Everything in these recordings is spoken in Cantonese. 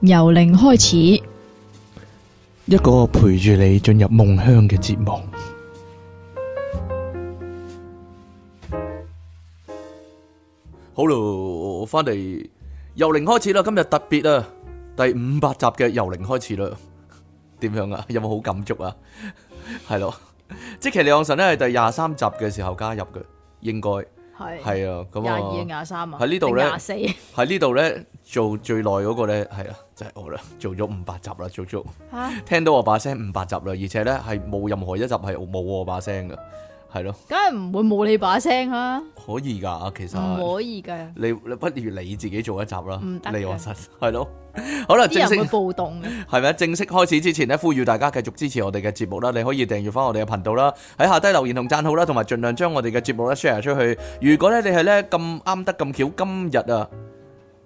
由零開始，一個陪住你進入夢鄉嘅節目。好咯，我翻嚟，由零開始啦，今日特別啊，第五百集嘅由零開始啦。點樣啊？有冇好感觸啊？係咯，即其李昂臣咧，係第廿三集嘅時候加入嘅，應該。係係啊，廿二廿三啊，喺、嗯、呢度咧，廿四。喺呢度咧做最耐嗰個咧，係啊，就係我啦，做咗五百集啦，做足。嚇！聽到我把聲五百集啦，而且咧係冇任何一集係冇我把聲㗎。係咯，梗係唔會冇你把聲啦。可以噶，其實可以噶。你你不如你自己做一集啦。唔得。你話實係咯。 好啦，人們 正式。啲人會暴動嘅。係咩？正式開始之前咧，呼籲大家繼續支持我哋嘅節目啦。你可以訂閱翻我哋嘅頻道啦，喺下低留言同讚好啦，同埋盡量將我哋嘅節目咧 share 出去。如果咧你係咧咁啱得咁巧，今日啊。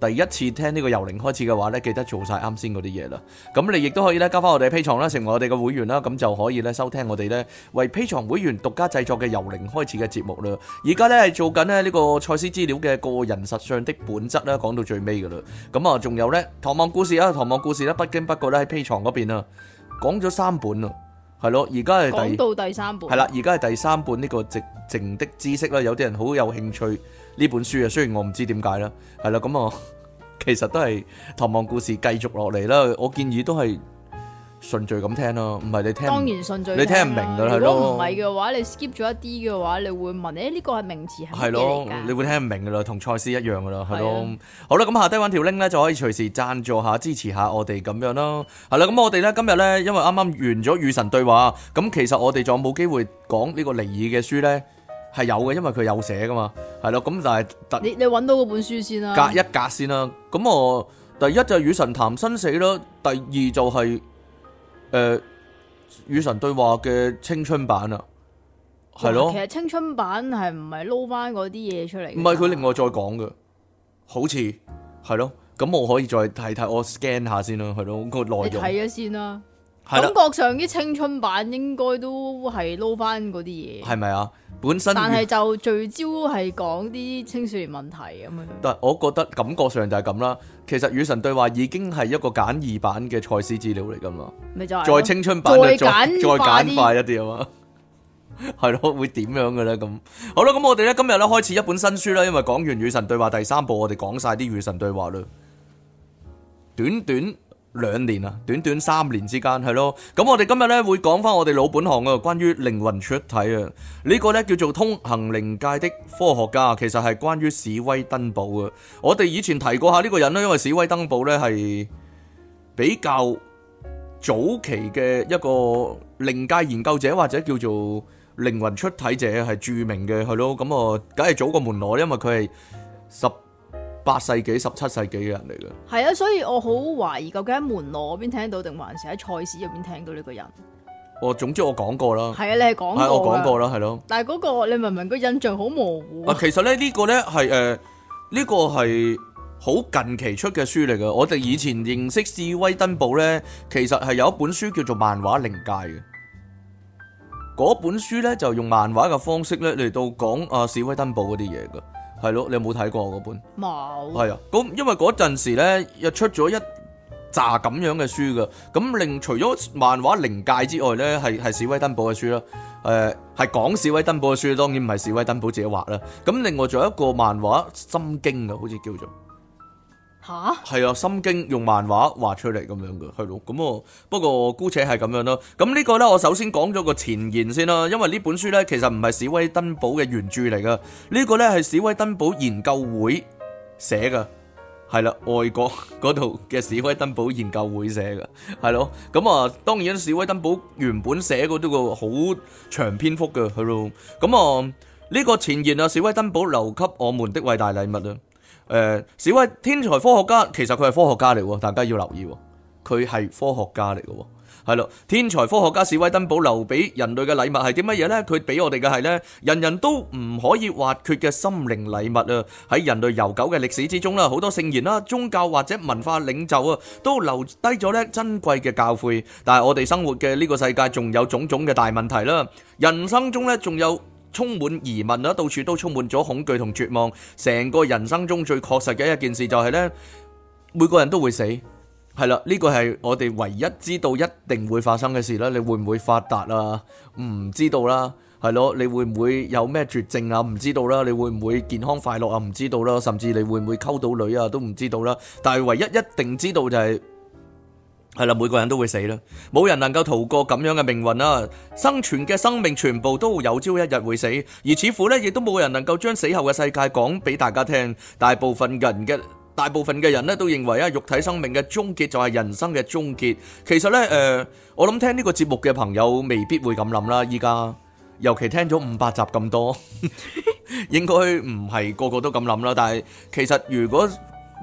第一次聽呢個由零開始嘅話呢，記得做晒啱先嗰啲嘢啦。咁你亦都可以咧交翻我哋 Patreon 啦，成為我哋嘅會員啦，咁就可以咧收聽我哋呢為 Patreon 會員獨家製作嘅由零開始嘅節目啦。而家呢係做緊咧呢個賽斯資料嘅個人實相的本質，呢講到最尾嘅啦。咁啊，仲有呢唐望故事啊，唐望故事呢，事不經不覺咧喺 Patreon 嗰邊啊，講咗三本啊，係咯，而家係講到第三本，係啦，而家係第三本呢個寂靜的知識啦，有啲人好有興趣。呢本書啊，雖然我唔知點解啦，係啦，咁、嗯、啊，其實都係唐望故事繼續落嚟啦。我建議都係順序咁聽咯，唔係你聽當然順序，你聽唔明㗎啦。如果唔係嘅話，你 skip 咗一啲嘅話，你會問誒呢、哎這個係名詞係幾？的的你會聽唔明㗎啦，同賽斯一樣㗎啦，係咯。是的 好啦，咁下低揾條 link 咧，就可以隨時贊助下、支持下我哋咁樣咯。係啦，咁、嗯、我哋咧今日咧，因為啱啱完咗與神對話，咁其實我哋仲有冇機會講呢個靈異嘅書咧？係有嘅，因為佢有寫噶嘛，係咯，咁但係特你你揾到嗰本書先啦，隔一隔先啦，咁我第一就係與神談生死咯，第二就係誒與神對話嘅青春版啊，係咯，其實青春版係唔係撈翻嗰啲嘢出嚟？唔係佢另外再講嘅，好似係咯，咁我可以再睇睇我 scan 下先啦，係咯，個內容，你睇咗先啦。感覺上啲青春版應該都係撈翻嗰啲嘢，係咪啊？本身但係就聚焦係講啲青少年問題咁樣。但係我覺得感覺上就係咁啦。其實與神對話已經係一個簡易版嘅賽斯資料嚟噶嘛？咪就係。再青春版再再簡快一啲啊嘛。係咯， 會點樣嘅咧？咁 好啦，咁我哋咧今日咧開始一本新書啦，因為講完與神對話第三部，我哋講晒啲與神對話啦，短短。兩年啊，短短三年之間係咯，咁我哋今日咧會講翻我哋老本行啊，關於靈魂出體啊，呢個咧叫做通行靈界的科學家，其實係關於史威登堡嘅。我哋以前提過下呢個人啦，因為史威登堡咧係比較早期嘅一個靈界研究者或者叫做靈魂出體者係著名嘅，係咯，咁啊，梗係早個門路，因為佢係十。八世紀、十七世紀嘅人嚟嘅，係啊，所以我好懷疑究竟喺門羅嗰邊聽到，定還是喺賽斯入邊聽到呢個人？哦，總之我講過啦，係啊，你係講過、啊，我講過啦，係咯、啊。但係、那、嗰個，你明唔明？個印象好模糊、啊。嗱、啊，其實咧呢、這個咧係誒呢、呃這個係好近期出嘅書嚟嘅。我哋以前認識《史威登堡》咧，其實係有一本書叫做《漫畫靈界》嘅。嗰本書咧就用漫畫嘅方式咧嚟到講啊《史威登堡》嗰啲嘢嘅。係咯，你有冇睇過我嗰本？冇。係啊，咁因為嗰陣時咧，又出咗一紮咁樣嘅書噶，咁另除咗漫畫《靈界》之外咧，係係《史威登堡》嘅書啦，誒係講《史威登堡》嘅書，當然唔係《史威登堡》自己畫啦。咁另外仲有一個漫畫《心經》嘅，好似叫做。吓，係啊，《心經》用漫畫畫出嚟，咁樣嘅，係咯，咁啊，不過姑且係咁樣咯。咁呢個咧，我首先講咗個前言先啦，因為呢本書咧，其實唔係史威登堡嘅原著嚟嘅，這個，呢個咧係史威登堡研究會寫嘅，係啦，外國嗰度嘅史威登堡研究會寫嘅，係咯。咁啊，當然史威登堡原本寫嗰啲個好長篇幅嘅，係咯。咁啊，呢、這個前言啊，史威登堡留給我們的偉大禮物啊。誒，史威天才科學家其實佢係科學家嚟喎，大家要留意喎，佢係科學家嚟嘅喎，係咯，天才科學家史威登堡留俾人類嘅禮物係啲乜嘢咧？佢俾我哋嘅係咧，人人都唔可以挖掘嘅心靈禮物啊！喺人類悠久嘅歷史之中啦，好多聖賢啦、宗教或者文化領袖啊，都留低咗咧珍貴嘅教訓。但係我哋生活嘅呢個世界仲有種種嘅大問題啦，人生中咧仲有。充滿疑問啦，到處都充滿咗恐懼同絕望。成個人生中最確實嘅一件事就係呢，每個人都會死。係啦，呢個係我哋唯一知道一定會發生嘅事啦。你會唔會發達啊？唔知道啦。係咯，你會唔會有咩絕症啊？唔知道啦。你會唔會健康快樂啊？唔知道啦。甚至你會唔會溝到女啊？都唔知道啦。但係唯一一定知道就係。係啦，每個人都會死啦，冇人能夠逃過咁樣嘅命運啦。生存嘅生命全部都有朝一日會死，而似乎咧亦都冇人能夠將死後嘅世界講俾大家聽。大部分人嘅大部分嘅人咧都認為啊，肉體生命嘅終結就係人生嘅終結。其實咧誒，我諗聽呢個節目嘅朋友未必會咁諗啦。依家尤其聽咗五百集咁多，應該唔係個個都咁諗啦。但係其實如果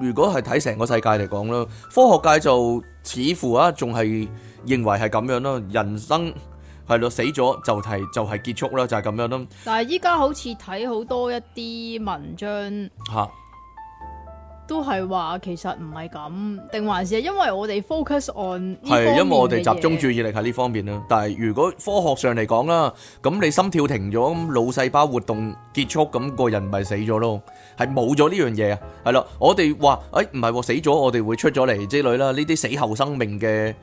如果係睇成個世界嚟講啦，科學界就。似乎啊，仲係認為係咁樣咯，人生係咯，死咗就係就係結束啦，就係咁樣咯。但係依家好似睇好多一啲文章嚇。都係話其實唔係咁，定還是係因為我哋 focus on 係因為我哋集中注意力喺呢方面啦。但係如果科學上嚟講啦，咁你心跳停咗，咁腦細胞活動結束，咁個人咪死咗咯？係冇咗呢樣嘢啊！係啦，我哋話誒唔係喎，死咗我哋會出咗嚟之類啦，呢啲死後生命嘅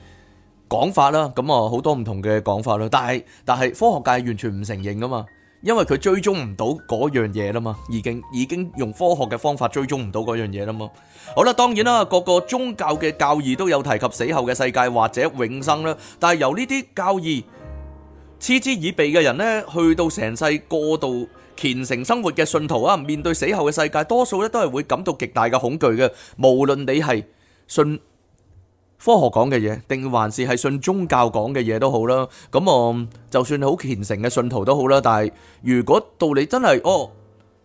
講法啦，咁啊好多唔同嘅講法啦。但係但係科學界完全唔承認㗎嘛。因為佢追蹤唔到嗰樣嘢啦嘛，已經已經用科學嘅方法追蹤唔到嗰樣嘢啦嘛。好啦，當然啦，各個宗教嘅教義都有提及死後嘅世界或者永生啦。但係由呢啲教義嗤之以鼻嘅人呢，去到成世過度虔誠生活嘅信徒啊，面對死後嘅世界，多數呢都係會感到極大嘅恐懼嘅。無論你係信。科學講嘅嘢，定還是係信宗教講嘅嘢都好啦。咁啊，就算係好虔誠嘅信徒都好啦。但係如果道理真係，哦，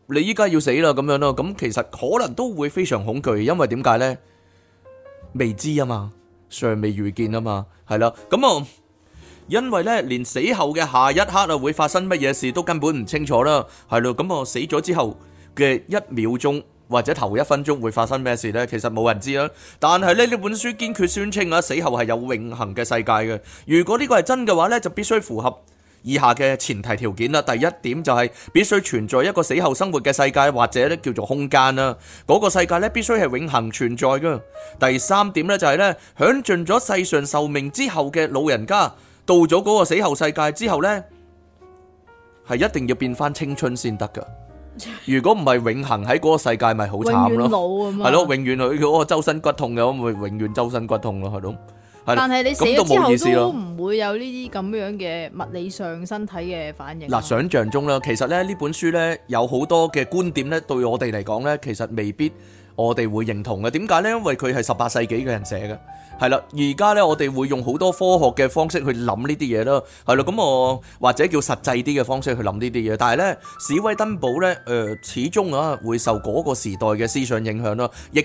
你依家要死啦咁樣咯，咁其實可能都會非常恐懼，因為點解呢？未知啊嘛，尚未遇見啊嘛，係啦。咁啊，因為呢，連死後嘅下一刻啊，會發生乜嘢事都根本唔清楚啦。係咯，咁我死咗之後嘅一秒鐘。或者頭一分鐘會發生咩事呢？其實冇人知啊。但係咧，呢本書堅決宣稱啊，死後係有永恒嘅世界嘅。如果呢個係真嘅話呢，就必須符合以下嘅前提條件啦。第一點就係必須存在一個死後生活嘅世界，或者咧叫做空間啦。嗰個世界咧，必須係永恒存在噶。第三點呢，就係呢，享盡咗世上壽命之後嘅老人家，到咗嗰個死後世界之後呢，係一定要變翻青春先得噶。如果唔係永恒喺嗰個世界，咪好慘咯。係咯，永遠佢我周身骨痛嘅，我咪永遠周身骨痛咯，係咯。但係你死後都唔會有呢啲咁樣嘅物理上身體嘅反應。嗱，想象中啦，其實咧呢本書咧有好多嘅觀點咧，對我哋嚟講咧，其實未必。我哋會認同嘅，點解呢？因為佢係十八世紀嘅人寫嘅，係啦。而家呢，我哋會用好多科學嘅方式去諗呢啲嘢咯，係啦。咁我或者叫實際啲嘅方式去諗呢啲嘢，但係呢，史威登堡呢，誒、呃，始終啊會受嗰個時代嘅思想影響咯，亦。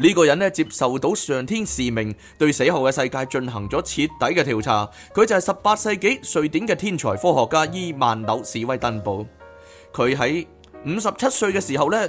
呢個人呢，接受到上天使命，對死後嘅世界進行咗徹底嘅調查。佢就係十八世紀瑞典嘅天才科學家伊曼紐史威登堡。佢喺五十七歲嘅時候呢。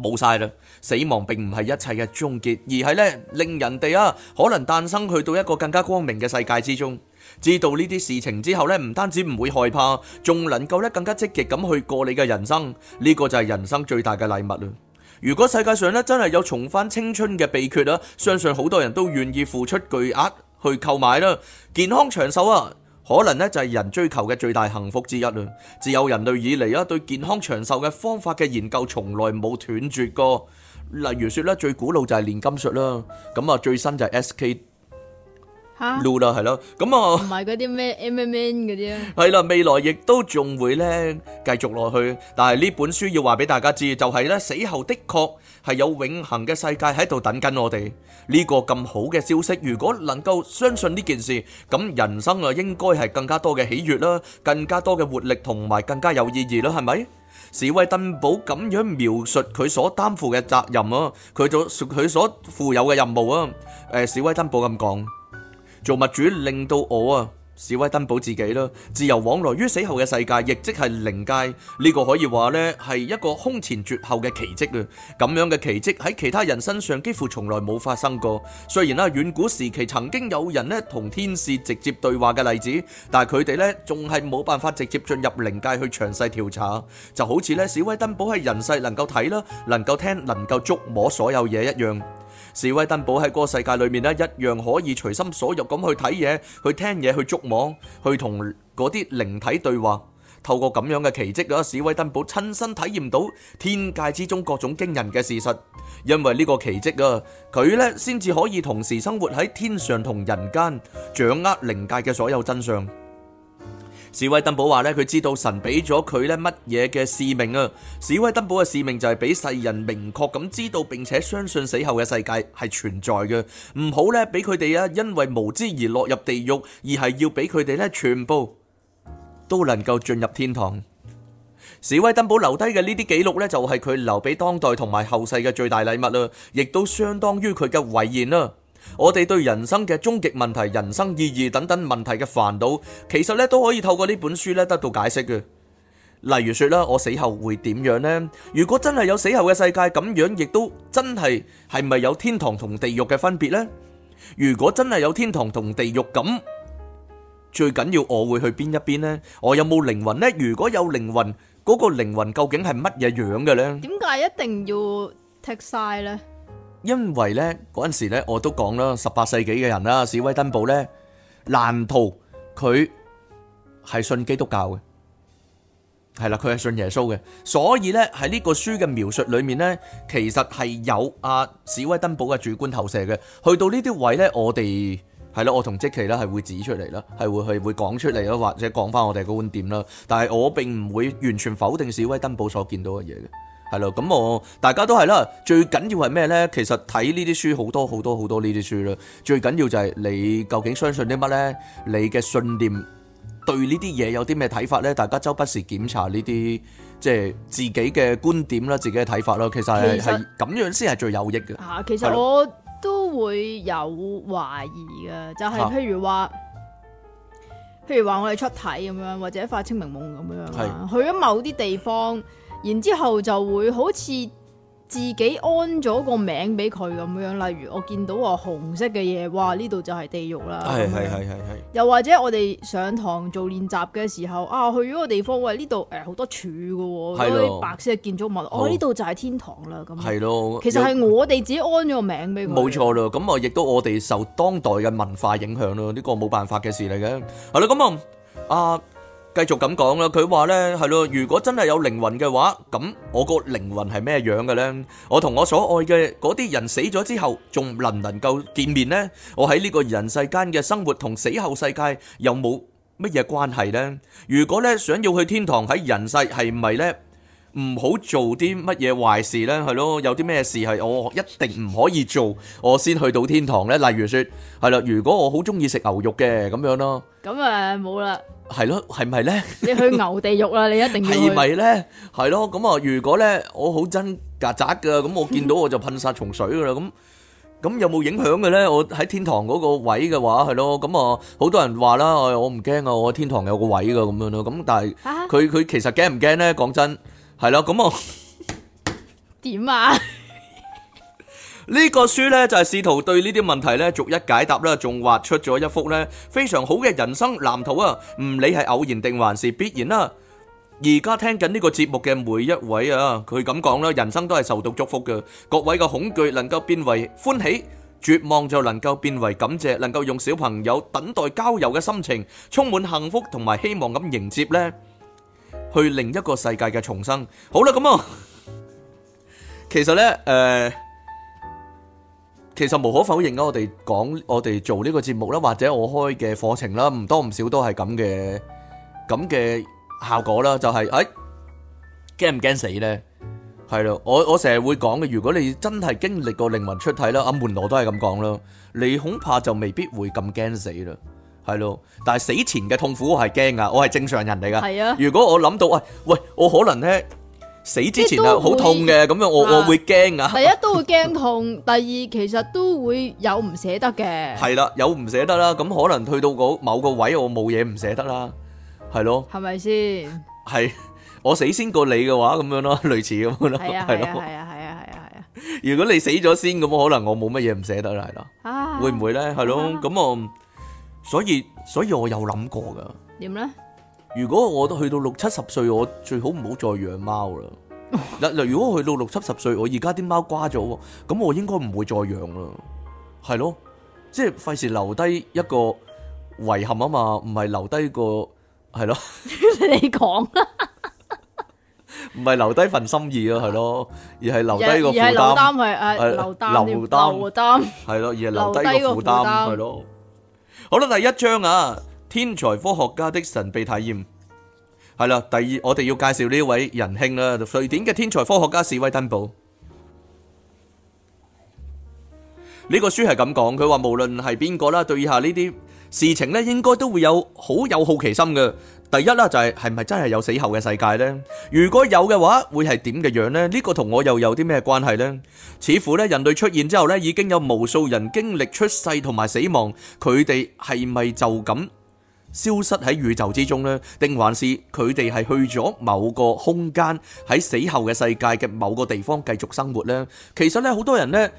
冇晒啦！死亡並唔係一切嘅終結，而係咧令人哋啊可能誕生去到一個更加光明嘅世界之中。知道呢啲事情之後咧，唔單止唔會害怕，仲能夠咧更加積極咁去過你嘅人生。呢個就係人生最大嘅禮物啦！如果世界上咧真係有重返青春嘅秘訣啊，相信好多人都願意付出巨額去購買啦。健康長壽啊！可能呢就係人追求嘅最大幸福之一啦。自有人類以嚟啊，對健康長壽嘅方法嘅研究從來冇斷絕過。例如說呢，最古老就係煉金術啦。咁啊，最新就係 SK。啊，new 啦，係咯，咁啊，同埋嗰啲咩 M M N 嗰啲啊，係啦，未來亦都仲會咧繼續落去，但係呢本書要話俾大家知就係咧，死後的確係有永恆嘅世界喺度等緊我哋。呢個咁好嘅消息，如果能夠相信呢件事，咁人生啊應該係更加多嘅喜悅啦，更加多嘅活力同埋更加有意義啦，係咪？史威登堡咁樣描述佢所擔負嘅責任啊，佢做佢所負有嘅任務啊，誒，史威登堡咁講。做物主令到我啊，史威登堡自己啦，自由往來於死後嘅世界，亦即係靈界。呢個可以話呢係一個空前絕後嘅奇蹟啊！咁樣嘅奇蹟喺其他人身上幾乎從來冇發生過。雖然啊，遠古時期曾經有人呢同天使直接對話嘅例子，但係佢哋呢仲係冇辦法直接進入靈界去詳細調查，就好似呢，史威登堡喺人世能夠睇啦，能夠聽，能夠捉摸所有嘢一樣。史威登堡喺嗰個世界裏面咧，一樣可以隨心所欲咁去睇嘢、去聽嘢、去捉網、去同嗰啲靈體對話。透過咁樣嘅奇蹟啊，史威登堡親身體驗到天界之中各種驚人嘅事實。因為呢個奇蹟啊，佢呢先至可以同時生活喺天上同人間，掌握靈界嘅所有真相。史威登堡話咧，佢知道神俾咗佢咧乜嘢嘅使命啊！史威登堡嘅使命就係俾世人明確咁知道，並且相信死後嘅世界係存在嘅，唔好咧俾佢哋啊，因為無知而落入地獄，而係要俾佢哋咧全部都能夠進入天堂。史威登堡留低嘅呢啲記錄咧，就係佢留俾當代同埋後世嘅最大禮物啦，亦都相當於佢嘅遺言啦。我哋對人生嘅終極問題、人生意義等等問題嘅煩惱，其實咧都可以透過呢本書咧得到解釋嘅。例如說啦，我死後會點樣呢？如果真係有死後嘅世界，咁樣亦都真係係咪有天堂同地獄嘅分別呢？如果真係有天堂同地獄咁，最緊要我會去邊一邊呢？我有冇靈魂呢？如果有靈魂，嗰個靈魂究竟係乜嘢樣嘅呢？點解一定要踢晒呢？因為咧嗰陣時咧，我都講啦，十八世紀嘅人啦，史威登堡咧，蘭圖佢係信基督教嘅，係啦，佢係信耶穌嘅，所以咧喺呢個書嘅描述裏面咧，其實係有阿、啊、史威登堡嘅主觀投射嘅。去到呢啲位咧，我哋係啦，我同即琪啦係會指出嚟啦，係會去會講出嚟啦，或者講翻我哋嘅觀點啦。但係我並唔會完全否定史威登堡所見到嘅嘢嘅。係咯，咁我大家都係啦。最緊要係咩咧？其實睇呢啲書好多好多好多呢啲書啦。最緊要就係你究竟相信啲乜咧？你嘅信念對呢啲嘢有啲咩睇法咧？大家周不時檢查呢啲即係自己嘅觀點啦，自己嘅睇法啦。其實係咁實樣先係最有益嘅。吓、啊，其實我都會有懷疑嘅，的就係譬如話，啊、譬如話我哋出體咁樣，或者發清明夢咁樣，的去咗某啲地方。然之後就會好似自己安咗個名俾佢咁樣，例如我見到話紅色嘅嘢，哇！呢度就係地獄啦。係係係係係。 嗯、 又或者我哋上堂做練習嘅時候，啊，去咗個地方，喂，呢度誒好多柱㗎喎、哦，啲的白色嘅建築物，哦好，呢度、啊、就係天堂啦咁。係咯的。其實係我哋自己安咗個名俾佢。冇錯啦，咁啊，亦都我哋受當代嘅文化影響咯，呢、這個冇辦法嘅事嚟嘅。係啦，咁 啊，啊。 繼續咁講啦，佢話呢係咯，如果真係有靈魂嘅話，咁我個靈魂係咩樣嘅呢？我同我所愛嘅嗰啲人死咗之後，仲能唔能夠見面呢？我喺呢個人世間嘅生活同死後世界有冇乜嘢關係呢？如果呢想要去天堂喺人世係咪呢唔好做啲乜嘢壞事呢？係咯，有啲咩事係我一定唔可以做，我先去到天堂呢？例如說係啦，如果我好中意食牛肉嘅咁樣咯，咁誒冇啦。係咯，係咪咧？你去牛地獄啦，你一定係。係咪咧？係咯，咁啊，如果咧我好憎曱甴噶，咁我見到我就噴殺蟲水噶啦，咁咁有冇影響嘅咧？我喺天堂嗰個位嘅話係咯，咁啊，好多人話啦，我我唔驚啊，我天堂有個位噶咁樣咯，咁但係佢佢其實驚唔驚咧？講真係咯，咁我點啊？呢個書呢就係試圖對呢啲問題呢逐一解答啦，仲畫出咗一幅呢非常好嘅人生藍圖啊！唔理係偶然定還是必然啦。而家聽緊呢個節目嘅每一位啊，佢咁講啦，人生都係受到祝福嘅。各位嘅恐懼能夠變為歡喜，絕望就能夠變為感謝，能夠用小朋友等待郊遊嘅心情，充滿幸福同埋希望咁迎接呢去另一個世界嘅重生。好啦，咁啊，其實呢誒。其實無可否認啊，我哋講我哋做呢個節目啦，或者我開嘅課程啦，唔多唔少都係咁嘅咁嘅效果啦。就係誒驚唔驚死呢？係咯，我我成日會講嘅。如果你真係經歷過靈魂出體啦，阿門羅都係咁講啦，你恐怕就未必會咁驚死啦。係咯，但係死前嘅痛苦我係驚啊，我係正常人嚟噶。係啊，如果我諗到喂喂，我可能呢。死之前啊，好痛嘅，咁樣我我會驚啊！第一都會驚痛，第二其實都會有唔捨得嘅。係啦，有唔捨得啦，咁可能去到個某個位，我冇嘢唔捨得啦，係咯。係咪先？係我死先過你嘅話，咁樣咯，類似咁樣咯，係咯，係啊，係啊，係啊，係啊，係啊。如果你死咗先，咁可能我冇乜嘢唔捨得啦，係咯。啊，會唔會咧？係咯，咁我所以所以我有諗過噶。點咧？如果我都去到六七十歲，我最好唔好再養貓啦。嗱嗱，如果去到六七十歲，我而家啲貓瓜咗，咁我應該唔會再養啦。係咯，即係費事留低一個遺憾啊嘛，唔係留低個，係咯。你講啦，唔係留低份心意啊，係咯，而係留低個負擔。而係負擔，係誒，負擔負擔負擔，係咯，而係留低個負擔，係咯。好啦，第一張啊。天才科學家的神秘體驗，係啦。第二，我哋要介紹呢一位仁兄啦，瑞典嘅天才科學家史威登堡。呢個書係咁講，佢話無論係邊個啦，對以下呢啲事情咧，應該都會有好有好奇心嘅。第一啦，就係係咪真係有死後嘅世界咧？如果有嘅話，會係點嘅樣咧？呢個同我又有啲咩關係咧？似乎咧，人類出現之後咧，已經有無數人經歷出世同埋死亡，佢哋係咪就咁？消失喺宇宙之中咧，定還是佢哋係去咗某個空間喺死後嘅世界嘅某個地方繼續生活咧？其實咧，好多人咧，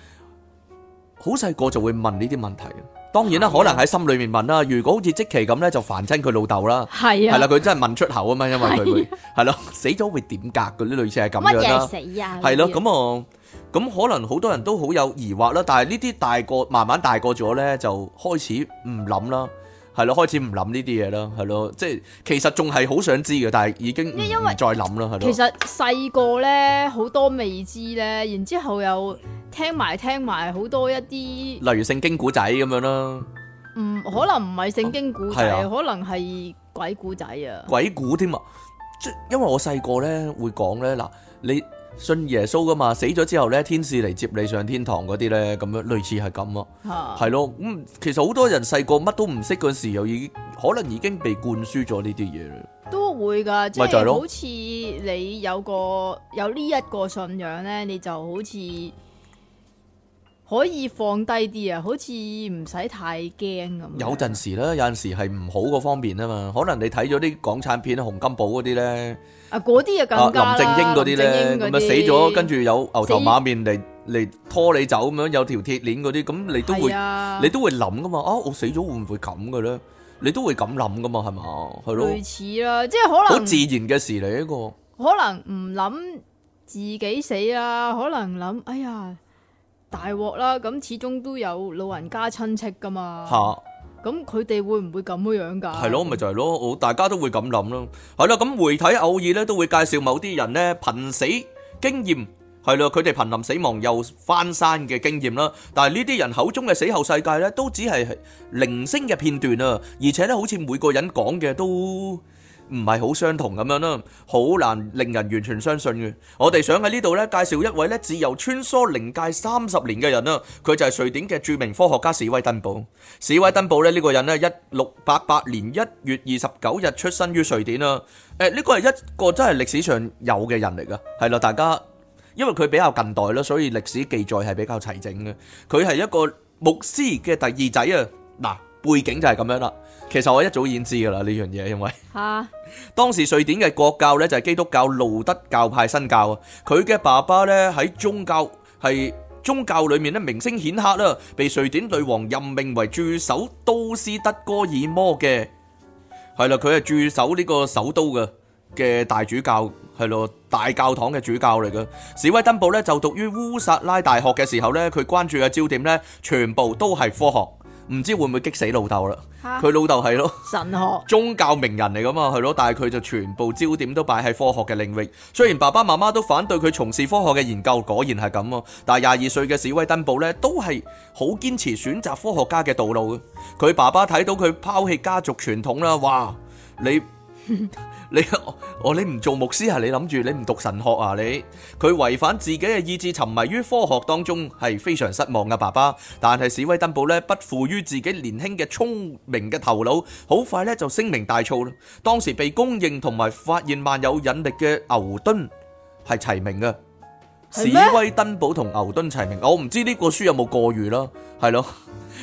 好細個就會問呢啲問題。當然啦，可能喺心裏面問啦。如果好似積奇咁咧，就煩親佢老豆啦。係啊，係啦，佢真係問出口啊嘛，因為佢會係咯死咗會點隔嗰啲類似係咁樣啦。乜嘢死啊？係咯，咁啊，咁可能好多人都好有疑惑啦。但係呢啲大個慢慢大個咗咧，就開始唔諗啦。係咯，開始唔諗呢啲嘢啦，係咯，即係其實仲係好想知嘅，但係已經唔再諗啦，係咯。其實細個咧好多未知咧，然之後又聽埋聽埋好多一啲，例如聖經古仔咁樣啦。唔可能唔係聖經古仔，啊、可能係鬼故仔啊。鬼故添啊！即因為我細個咧會講咧嗱，你。信耶穌噶嘛，死咗之後咧，天使嚟接你上天堂嗰啲咧，咁樣類似係咁咯，係咯、啊，咁其實好多人細個乜都唔識嗰時，又已經可能已經被灌輸咗呢啲嘢啦，都會噶，即係就係咯，好似你有個有呢一個信仰咧，你就好似。可以放低啲啊，好似唔使太驚咁。有陣時啦，有陣時係唔好個方面啊嘛。可能你睇咗啲港產片紅啊，洪金寶嗰啲咧，啊嗰啲啊，林正英嗰啲咧，咁啊死咗，跟住有牛頭馬面嚟嚟死拖你走咁樣，有條鐵鏈嗰啲，咁你都會、啊、你都會諗噶嘛？啊，我死咗會唔會咁嘅咧？你都會咁諗噶嘛？係嘛？係咯？類似啦，即係可能好自然嘅事嚟一個。可能唔諗自己死啊，可能諗哎呀。大鑊啦，咁始終都有老人家親戚噶嘛，咁佢哋會唔會咁樣樣㗎？係咯，咪就係咯，我大家都會咁諗咯。係咯，咁媒體偶爾咧都會介紹某啲人咧瀕死經驗，係咯，佢哋瀕臨死亡又翻生嘅經驗啦。但係呢啲人口中嘅死後世界咧，都只係零星嘅片段啊，而且咧好似每個人講嘅都。唔係好相同咁樣咯，好難令人完全相信嘅。我哋想喺呢度咧介紹一位咧自由穿梭靈界三十年嘅人啦，佢就係瑞典嘅著名科學家史威登堡。史威登堡咧呢個人呢，一六八八年一月二十九日出生於瑞典啦。誒，呢個係一個真係歷史上有嘅人嚟噶，係咯，大家因為佢比較近代啦，所以歷史記載係比較齊整嘅。佢係一個牧師嘅第二仔啊，嗱背景就係咁樣啦。其實我一早已經知噶啦呢樣嘢，因為吓、啊、當時瑞典嘅國教呢，就係基督教路德教派新教啊，佢嘅爸爸呢，喺宗教係宗教裏面呢，名聲顯赫啦，被瑞典女王任命為駐守都斯德哥爾摩嘅係啦，佢係駐守呢個首都嘅嘅大主教係咯，大教堂嘅主教嚟嘅。史威登堡呢，就讀於烏薩拉大學嘅時候呢，佢關注嘅焦點呢，全部都係科學。唔知會唔會激死老豆啦？佢哈老豆係咯，神學宗教名人嚟噶嘛，係咯，但係佢就全部焦點都擺喺科學嘅領域。雖然爸爸媽媽都反對佢從事科學嘅研究，果然係咁啊！但係廿二歲嘅史威登堡呢，都係好堅持選擇科學家嘅道路。佢爸爸睇到佢拋棄家族傳統啦，哇！你。 你我，你唔做牧師啊？你諗住你唔讀神學啊？你，佢違反自己嘅意志，沉迷於科學當中，係非常失望嘅爸爸。但係史威登堡咧，不負於自己年輕嘅聰明嘅頭腦，好快咧就聲名大噪啦。當時被公認同埋發現萬有引力嘅牛頓係齊名嘅。史威登堡同牛頓齊名，我唔知呢個書有冇過譽啦。係咯。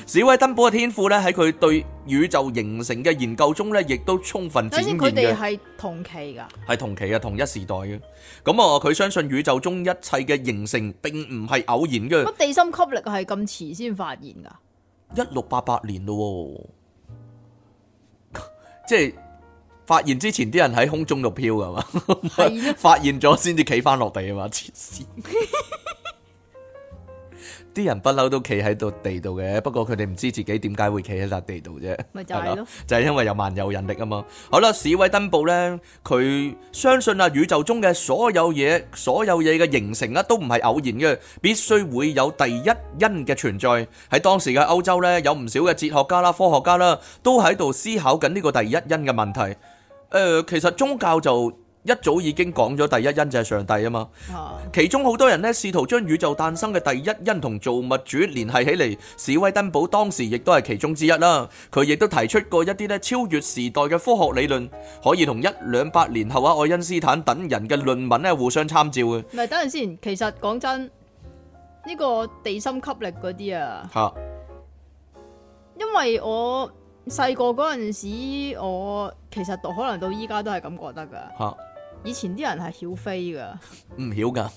史威登堡嘅天賦咧，喺佢對宇宙形成嘅研究中咧，亦都充分展現佢哋係同期噶，係同期嘅同一時代嘅。咁、嗯、啊，佢相信宇宙中一切嘅形成，並唔係偶然嘅。咁地心吸力係咁遲先發現噶？一六八八年咯， 即係。發現之前啲人喺空中度飄噶嘛，發現咗先至企翻落地啊嘛，黐綫！啲人不嬲都企喺度地度嘅，不過佢哋唔知自己點解會企喺笪地度啫，咪就係咯，就係因為有萬有引力啊嘛。好啦，史威登堡咧，佢相信啊，宇宙中嘅所有嘢，所有嘢嘅形成啊，都唔係偶然嘅，必須會有第一因嘅存在。喺當時嘅歐洲咧，有唔少嘅哲學家啦、科學家啦，都喺度思考緊呢個第一因嘅問題。誒、呃，其實宗教就一早已經講咗第一因就係上帝啊嘛，啊其中好多人呢，試圖將宇宙誕生嘅第一因同造物主聯繫起嚟，史威登堡當時亦都係其中之一啦，佢亦都提出過一啲呢超越時代嘅科學理論，可以同一兩百年後啊愛因斯坦等人嘅論文呢互相參照嘅。唔係，等陣先，其實講真，呢、這個地心吸力嗰啲啊，因為我。細個嗰陣時，我其實讀可能到依家都係咁覺得噶。吓、啊，以前啲人係曉飛噶，唔曉噶，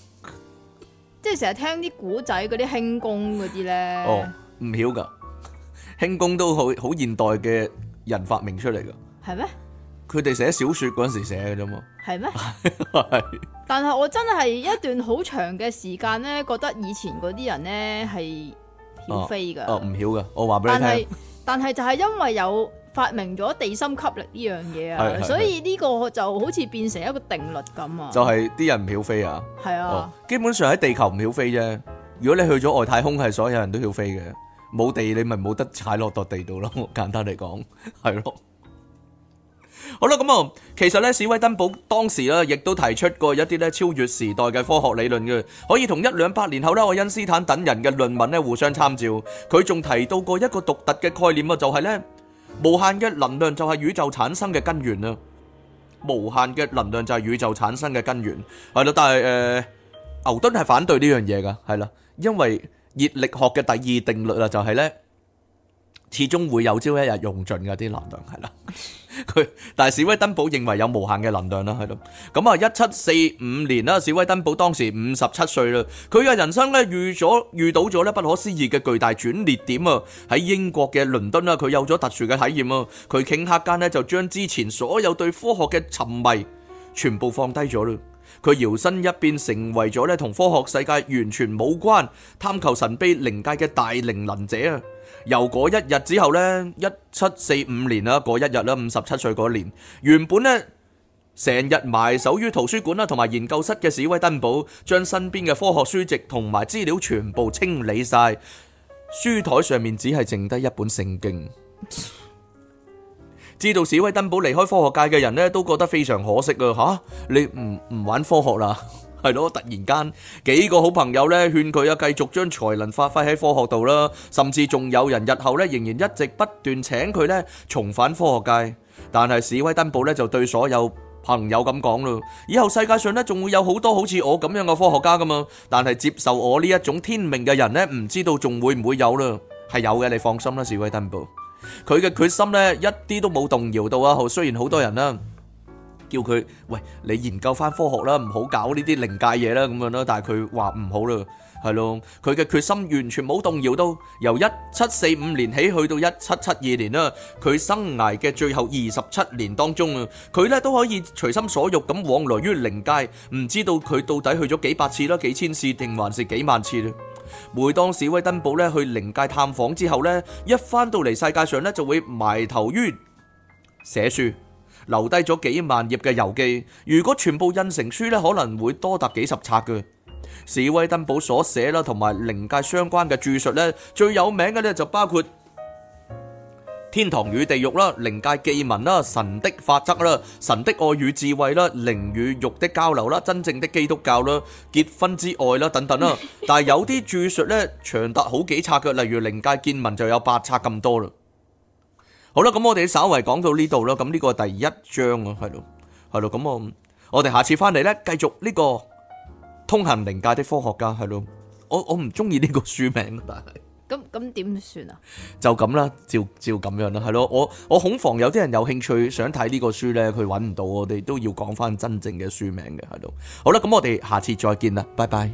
即係成日聽啲古仔嗰啲輕功嗰啲咧。哦，唔曉噶，輕功都好好現代嘅人發明出嚟噶。係咩嗎？佢哋寫小說嗰陣時寫嘅啫嘛。係咩嗎？係 是。但係我真係一段好長嘅時間咧，覺得以前嗰啲人咧係曉飛噶、哦。哦，唔曉噶，我話俾你聽。但係就係因為有發明咗地心吸力呢樣嘢啊，的所以呢個就好似變成一個定律咁啊。就係啲人唔曉飛啊。係啊的，oh, 基本上喺地球唔曉飛啫。如果你去咗外太空，係所有人都曉飛嘅。冇地你咪冇得踩落到地度咯。簡單嚟講，係咯。好啦，咁啊，其實咧，史威登堡當時咧，亦都提出過一啲咧超越時代嘅科學理論嘅，可以同一兩百年後咧，愛因斯坦等人嘅論文咧互相參照。佢仲提到過一個獨特嘅概念啊，就係咧，無限嘅能量就係宇宙產生嘅根源啊！無限嘅能量就係宇宙產生嘅根源，係咯，但係誒，牛頓係反對呢樣嘢噶，係啦，因為熱力學嘅第二定律啦，就係咧。始終會有朝一日用盡嗰啲能量係啦，佢但係史威登堡認為有無限嘅能量啦，係咯。咁啊，一七四五年啦，史威登堡當時五十七歲啦，佢嘅人生咧遇咗遇到咗咧不可思議嘅巨大轉捩點啊，喺英國嘅倫敦啊，佢有咗特殊嘅體驗啊，佢頃刻間咧就將之前所有對科學嘅沉迷全部放低咗啦。佢搖身一變成為咗咧同科學世界完全冇關，探求神秘靈界嘅大靈能者啊！由嗰一日之後呢，一七四五年啦，嗰一日啦，五十七歲嗰年，原本呢成日埋首於圖書館啦同埋研究室嘅史威登堡，將身邊嘅科學書籍同埋資料全部清理晒，書台上面只係剩低一本聖經。知道史威登堡離開科學界嘅人咧，都覺得非常可惜啊！吓，你唔唔玩科學啦，係咯？突然間幾個好朋友咧勸佢啊，繼續將才能發揮喺科學度啦，甚至仲有人日後咧仍然一直不斷請佢咧重返科學界。但係史威登堡咧就對所有朋友咁講咯：以後世界上咧仲會有好多好似我咁樣嘅科學家噶嘛，但係接受我呢一種天命嘅人咧，唔知道仲會唔會有啦？係有嘅，你放心啦，史威登堡。佢嘅決心咧一啲都冇動搖到啊！雖然好多人啦叫佢喂你研究翻科學啦，唔好搞呢啲靈界嘢啦咁樣啦，但係佢話唔好啦，係咯，佢嘅決心完全冇動搖到。由一七四五年起去到一七七二年啦，佢生涯嘅最後二十七年當中啊，佢咧都可以隨心所欲咁往來於靈界，唔知道佢到底去咗幾百次啦、幾千次定還是幾萬次啊？每當史威登堡咧去靈界探訪之後咧，一翻到嚟世界上咧，就會埋頭於寫書，留低咗幾萬頁嘅遊記。如果全部印成書咧，可能會多達幾十冊嘅。史威登堡所寫啦，同埋靈界相關嘅著述咧，最有名嘅咧就包括。天堂與地獄啦，靈界見聞啦，神的法則啦，神的愛與智慧啦，靈與肉的交流啦，真正的基督教啦，結婚之愛啦，等等啦。但係有啲著述咧，長達好幾冊嘅，例如靈界見聞就有八冊咁多啦。好啦，咁我哋稍為講到呢度啦。咁呢個係第一章啊，係咯，係咯。咁我我哋下次翻嚟呢，繼續呢個通行靈界的科學家係咯。我我唔中意呢個書名，但係。咁咁點算啊？就咁啦，照照咁樣啦，係咯。我我恐防有啲人有興趣想睇呢個書呢，佢揾唔到我，我哋都要講翻真正嘅書名嘅喺度。好啦，咁我哋下次再見啦，拜拜。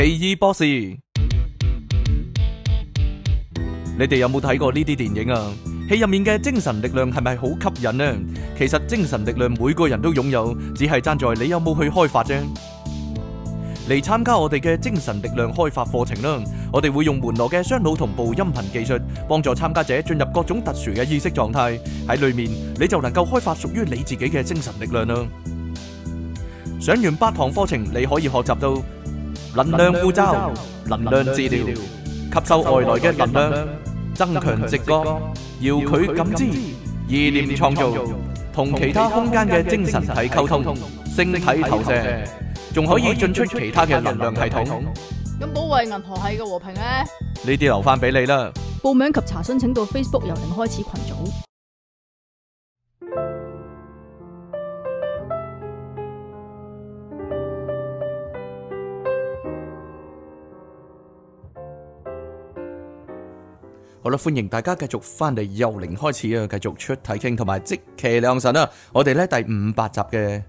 奇異博士，你哋有冇睇過呢啲電影啊？戲入面嘅精神力量係咪好吸引呢？其實精神力量每個人都擁有，只係爭在你有冇去開發啫。嚟參加我哋嘅精神力量開發課程啦！我哋會用門羅嘅雙腦同步音頻技術，幫助參加者進入各種特殊嘅意識狀態。喺裏面你就能夠開發屬於你自己嘅精神力量啦。上完八堂課程，你可以學習到。能量護罩、能量治療、吸收外來嘅能量、增強直覺、遙距感知、意念創造、同其他空間嘅精神體溝通、星體投射，仲可以進出其他嘅能量系統。咁保衛銀河系嘅和平咧？呢啲留翻俾你啦。報名及查詢請到 Facebook 由零開始群組。好啦，歡迎大家繼續翻嚟《幽靈開始》啊，繼續出體傾，同埋即其兩神啊！我哋咧第五百集嘅《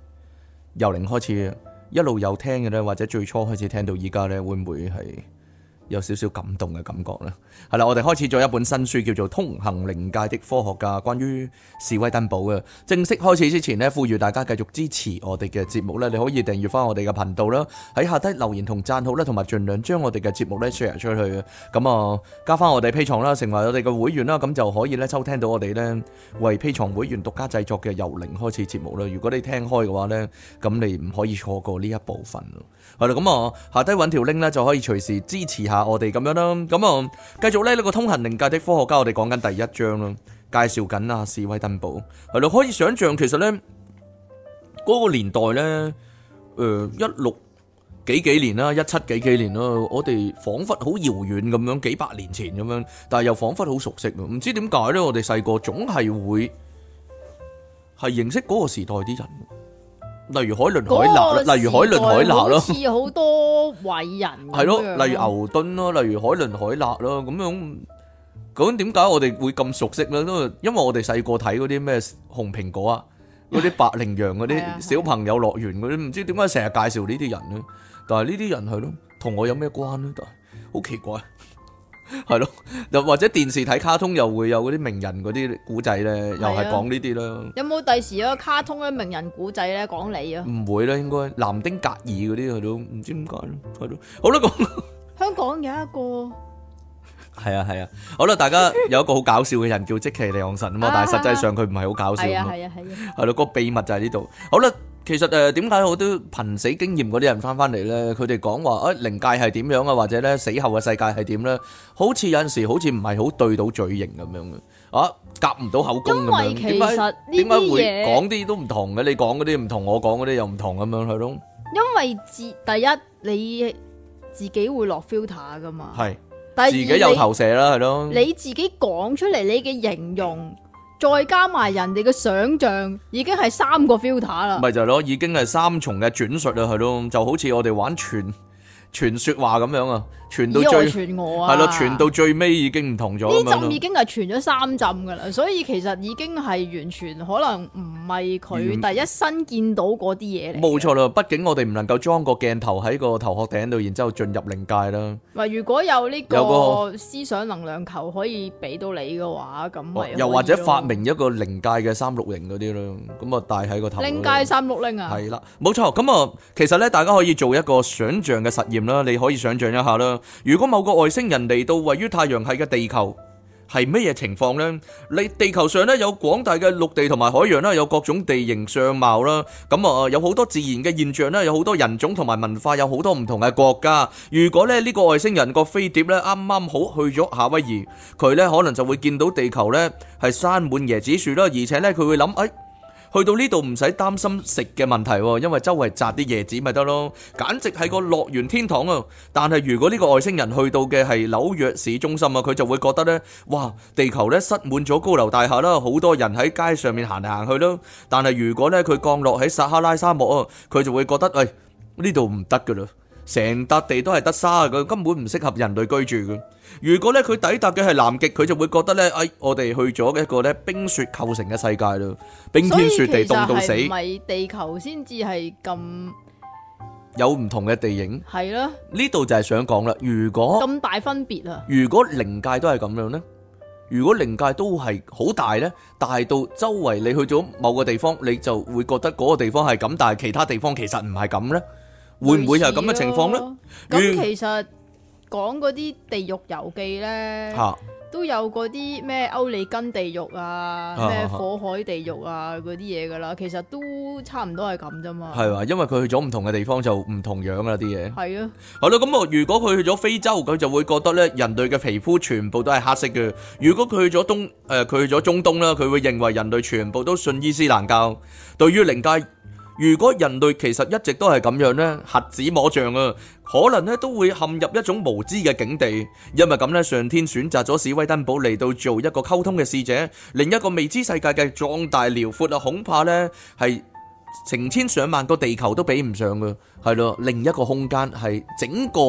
由零開始》，一路有聽嘅咧，或者最初開始聽到依家咧，會唔會係？有少少感動嘅感覺啦，係 啦，我哋開始咗一本新書，叫做《通行靈界》的科學家，關於示威登堡嘅。正式開始之前咧，呼籲大家繼續支持我哋嘅節目咧，你可以訂閱翻我哋嘅頻道啦，喺下低留言同贊好啦，同埋儘量將我哋嘅節目咧 share 出去咁啊，加翻我哋 P 藏啦，成為我哋嘅會員啦，咁就可以咧收聽到我哋咧為 P 藏會員獨家製作嘅由零開始節目啦。如果你聽開嘅話咧，咁你唔可以錯過呢一部分。係啦，咁啊，下低揾條 link 咧，就可以隨時支持下我哋咁樣啦。咁啊，繼續咧，呢個通行靈界的科學家，我哋講緊第一章咯，介紹緊啊，史威登堡。係啦，可以想象，其實咧嗰、那個年代咧，誒、呃，一六幾幾年啦，一七幾幾年啦，我哋仿佛好遙遠咁樣，幾百年前咁樣，但係又仿佛好熟悉，唔知點解咧？我哋細個總係會係認識嗰個時代啲人。例如海倫海納，例如海倫海納咯，好似好多偉人，係咯，例如牛頓咯，例如海倫海納咯，咁樣究竟點解我哋會咁熟悉咧？都係因為我哋細個睇嗰啲咩紅蘋果啊，嗰啲白羚羊嗰啲小朋友樂園嗰啲，唔知點解成日介紹呢啲人咧？但係呢啲人係咯，同我有咩關咧？但係好奇怪。係咯，又或者電視睇卡通又會有嗰啲名人嗰啲古仔咧，又係講呢啲咯。有冇第時嗰個卡通嗰啲名人古仔咧講你啊？唔會啦，應該南丁格爾嗰啲，佢都唔知點解咯，係咯。好啦，講香港有一個，係啊係啊。好啦，大家有一個好搞笑嘅人叫即奇利昂神啊嘛，但係實際上佢唔係好搞笑，係啊係啊，係咯，個秘密就喺呢度。好啦。其實誒，點解好多瀕死經驗嗰啲人翻翻嚟咧？佢哋講話誒，靈界係點樣啊？或者咧死後嘅世界係點咧？好似有陣時好似唔係好對到嘴型咁樣嘅，啊夾唔到口供咁樣。因為其實呢啲嘢講啲都唔同嘅，你講嗰啲唔同，我講嗰啲又唔同咁樣去咯。因為自第一你自己會落 filter 噶嘛，係自己又投射啦，係咯。你自己講出嚟，你嘅形容。再加埋人哋嘅想象，已經係三個 filter 啦。咪就係咯，已經係三重嘅轉述啦，係咯，就好似我哋玩傳傳説話咁樣啊。傳到最係咯，傳到最尾已經唔同咗。呢浸已經係傳咗三浸噶啦，所以其實已經係完全可能唔係佢第一身見到嗰啲嘢嚟。冇錯啦，畢竟我哋唔能夠裝個鏡頭喺個頭殼頂度，然之後進入靈界啦。嗱，如果有呢個思想能量球可以俾到你嘅話，咁又或者發明一個靈界嘅三六零嗰啲啦，咁啊戴喺個頭。靈界三六零啊？係啦，冇錯。咁啊，其實咧，大家可以做一個想象嘅實驗啦，你可以想象一下啦。如果某個外星人嚟到位於太陽系嘅地球，係咩嘢情況呢？你地球上咧有廣大嘅陸地同埋海洋啦，有各種地形相貌啦，咁啊有好多自然嘅現象啦，有好多人種同埋文化，有好多唔同嘅國家。如果咧呢個外星人個飛碟咧啱啱好去咗夏威夷，佢咧可能就會見到地球咧係山滿椰子樹啦，而且呢，佢會諗誒。去到呢度唔使擔心食嘅問題，因為周圍摘啲椰子咪得咯，簡直係個樂園天堂啊！但係如果呢個外星人去到嘅係紐約市中心啊，佢就會覺得呢：「哇！地球呢塞滿咗高樓大廈啦，好多人喺街上面行嚟行去咯。」但係如果呢，佢降落喺撒哈拉沙漠啊，佢就會覺得，喂、哎，呢度唔得噶啦。成笪地都係得沙嘅，根本唔適合人類居住嘅。如果咧佢抵達嘅係南極，佢就會覺得咧，哎，我哋去咗嘅一個咧冰雪構成嘅世界咯，冰天雪地凍到死。咪地球先至係咁有唔同嘅地形。係咯，呢度就係想講啦。如果咁大分別啊？如果靈界都係咁樣咧？如果靈界都係好大咧？大到周圍你去咗某個地方，你就會覺得嗰個地方係咁，但係其他地方其實唔係咁咧。會唔會係咁嘅情況呢？咁其實講嗰啲地獄遊記呢，都有嗰啲咩歐里根地獄啊，咩火海地獄啊嗰啲嘢噶啦，其實都差唔多係咁啫嘛。係嘛，因為佢去咗唔同嘅地方就唔同樣啦啲嘢。係啊，好啦。咁啊，如果佢去咗非洲，佢就會覺得呢，人類嘅皮膚全部都係黑色嘅；如果佢去咗東誒，佢去咗中東啦，佢會認為人類全部都信伊斯蘭教。對於靈界。如果人類其實一直都係咁樣呢，瞎子摸象啊，可能呢都會陷入一種無知嘅境地。因為咁呢，上天選擇咗史威登堡嚟到做一個溝通嘅使者，另一個未知世界嘅壯大遼闊啊，恐怕呢係成千上萬個地球都比唔上嘅，係咯，另一個空間係整個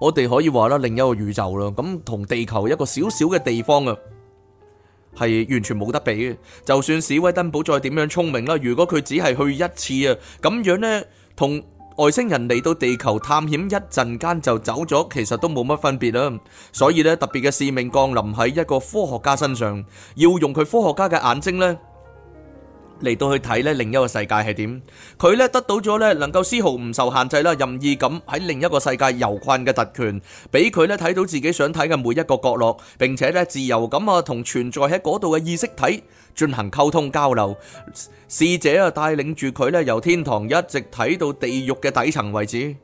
我哋可以話啦，另一個宇宙啦，咁同地球一個小小嘅地方啊。係完全冇得比嘅，就算史威登堡再點樣聰明啦，如果佢只係去一次啊，咁樣呢，同外星人嚟到地球探險一陣間就走咗，其實都冇乜分別啦。所以呢，特別嘅使命降臨喺一個科學家身上，要用佢科學家嘅眼睛呢。嚟到去睇咧另一個世界係點？佢咧得到咗咧能夠絲毫唔受限制啦，任意咁喺另一個世界遊困嘅特權，俾佢咧睇到自己想睇嘅每一個角落，並且咧自由咁啊同存在喺嗰度嘅意識體進行溝通交流。侍者啊帶領住佢咧由天堂一直睇到地獄嘅底層為止。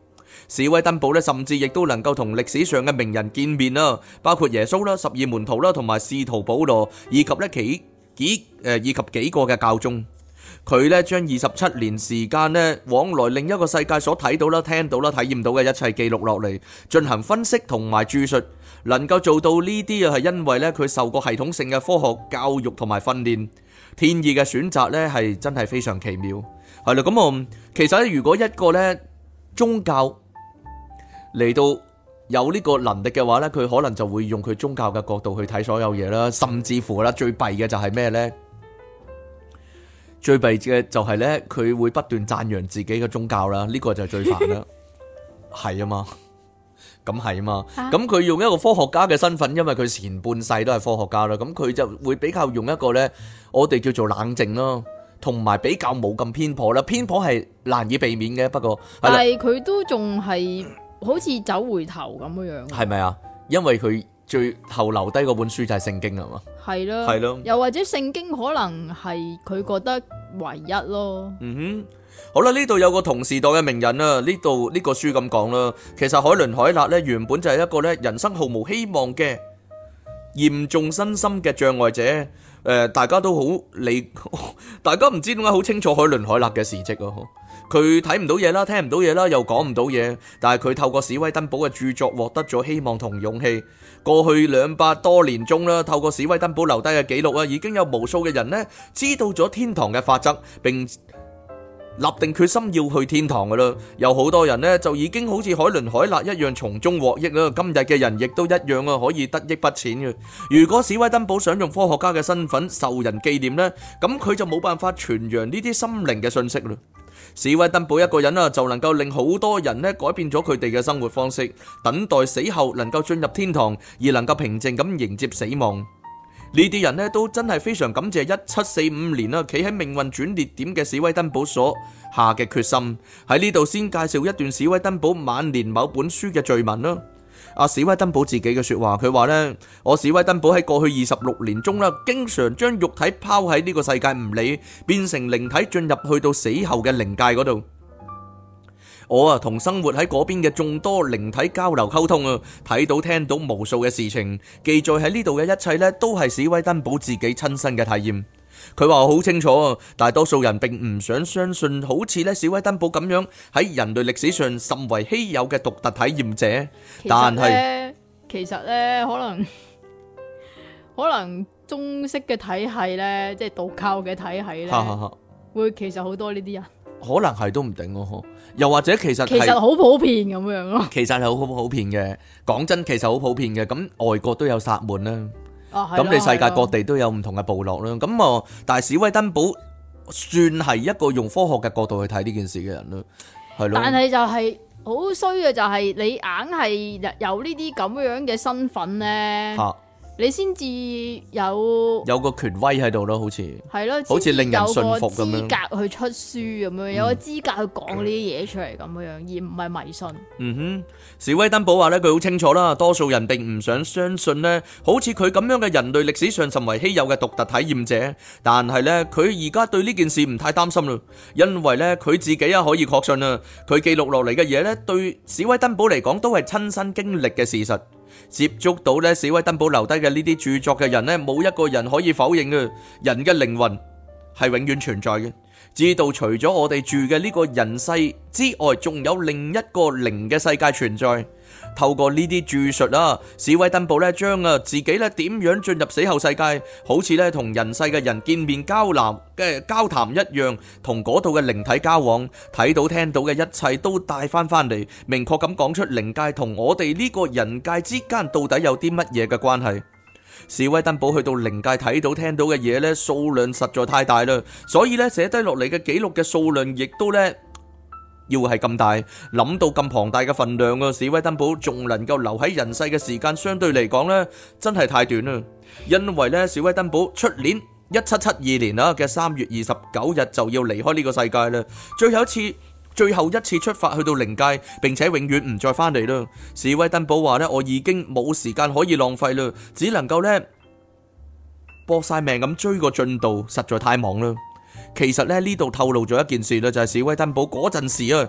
史威登堡咧甚至亦都能夠同歷史上嘅名人見面啦，包括耶穌啦、十二門徒啦、同埋使徒保羅以及咧其。幾誒以及幾個嘅教宗，佢咧將二十七年時間咧往來另一個世界所睇到啦、聽到啦、體驗到嘅一切記錄落嚟，進行分析同埋著述。能夠做到呢啲啊，係因為咧佢受過系統性嘅科學教育同埋訓練。天意嘅選擇咧係真係非常奇妙，係啦咁啊，其實如果一個咧宗教嚟到。有呢個能力嘅話呢，佢可能就會用佢宗教嘅角度去睇所有嘢啦，甚至乎啦，最弊嘅就係咩呢？最弊嘅就係、是、呢，佢會不斷讚揚自己嘅宗教啦，呢、這個就係最煩啦，係啊 嘛，咁係啊嘛，咁佢、啊、用一個科學家嘅身份，因為佢前半世都係科學家啦，咁佢就會比較用一個呢，我哋叫做冷靜咯，同埋比較冇咁偏頗啦，偏頗係難以避免嘅，不過但係佢的都仲係。好似走回頭咁樣樣，係咪啊？因為佢最後留低嗰本書就係聖經啊嘛，係咯，係咯，又或者聖經可能係佢覺得唯一咯。嗯哼，好啦，呢度有個同時代嘅名人啊，呢度呢個書咁講啦。其實海倫凱勒呢，原本就係一個呢，人生毫無希望嘅嚴重身心嘅障礙者，誒，大家都好理，大家唔知點解好清楚海倫凱勒嘅事跡咯。佢睇唔到嘢啦，聽唔到嘢啦，又講唔到嘢。但係佢透過史威登堡嘅著作獲得咗希望同勇氣。過去兩百多年中啦，透過史威登堡留低嘅記錄啊，已經有無數嘅人呢知道咗天堂嘅法則，並立定決心要去天堂噶啦。有好多人呢就已經好似海倫海納一樣從中獲益啦。今日嘅人亦都一樣啊，可以得益不淺嘅。如果史威登堡想用科學家嘅身份受人紀念呢，咁佢就冇辦法傳揚呢啲心靈嘅信息啦。史威登堡一個人啊，就能夠令好多人咧改變咗佢哋嘅生活方式，等待死後能夠進入天堂，而能夠平靜咁迎接死亡。呢啲人呢都真係非常感謝一七四五年啊，企喺命運轉捩點嘅史威登堡所下嘅決心。喺呢度先介紹一段史威登堡晚年某本書嘅序文啦。阿史威登堡自己嘅說話，佢話呢：「我史威登堡喺過去二十六年中啦，經常將肉體拋喺呢個世界唔理，變成靈體進入去到死後嘅靈界嗰度。我啊同生活喺嗰邊嘅眾多靈體交流溝通啊，睇到聽到無數嘅事情，記載喺呢度嘅一切呢，都係史威登堡自己親身嘅體驗。」佢話好清楚，大多數人並唔想相信，好似咧史威登堡咁樣喺人類歷史上甚為稀有嘅獨特體驗者。但係其實咧，其實咧，可能可能中式嘅體系咧，即係道教嘅體系咧，會其實好多呢啲人。可能係都唔定咯，又或者其實其實好普遍咁樣咯。其實係好普遍嘅，講真，其實好普遍嘅。咁外國都有薩滿啦。咁你世界各地都有唔同嘅部落咯，咁啊，但係史威登堡算係一個用科學嘅角度去睇呢件事嘅人咯，係咯。但係就係好衰嘅就係、是、你硬係有這這呢啲咁樣嘅身份咧。啊你先至有有個權威喺度咯，好似係咯，好似令人信服咁樣，有個資格去出書咁樣，有個資格去講呢啲嘢出嚟咁樣，而唔係迷信。嗯哼，史威登堡話呢，佢好清楚啦，多數人並唔想相信呢，好似佢咁樣嘅人類歷史上甚為稀有嘅獨特體驗者。但係呢，佢而家對呢件事唔太擔心啦，因為呢，佢自己啊可以確信啦，佢記錄落嚟嘅嘢呢，對史威登堡嚟講都係親身經歷嘅事實。接觸到呢史威登堡留低嘅呢啲著作嘅人呢，冇一個人可以否認嘅，人嘅靈魂係永遠存在嘅，知道除咗我哋住嘅呢個人世之外，仲有另一個靈嘅世界存在。透過呢啲著述啦，史威登堡呢將啊自己呢點樣進入死後世界，好似呢同人世嘅人見面交談嘅交談一樣，同嗰度嘅靈體交往，睇到聽到嘅一切都帶翻翻嚟，明確咁講出靈界同我哋呢個人界之間到底有啲乜嘢嘅關係。史威登堡去到靈界睇到聽到嘅嘢呢數量實在太大啦，所以呢寫低落嚟嘅記錄嘅數量亦都呢。要係咁大諗到咁龐大嘅份量啊！史威登堡仲能夠留喺人世嘅時間相對嚟講呢真係太短啦！因為呢，史威登堡出年一七七二年啦嘅三月二十九日就要離開呢個世界啦，最後一次、最後一次出發去到靈界，並且永遠唔再返嚟啦！史威登堡話呢，我已經冇時間可以浪費啦，只能夠呢，搏晒命咁追個進度，實在太忙啦！其實咧呢度透露咗一件事啦，就係、是、史威登堡嗰陣時啊，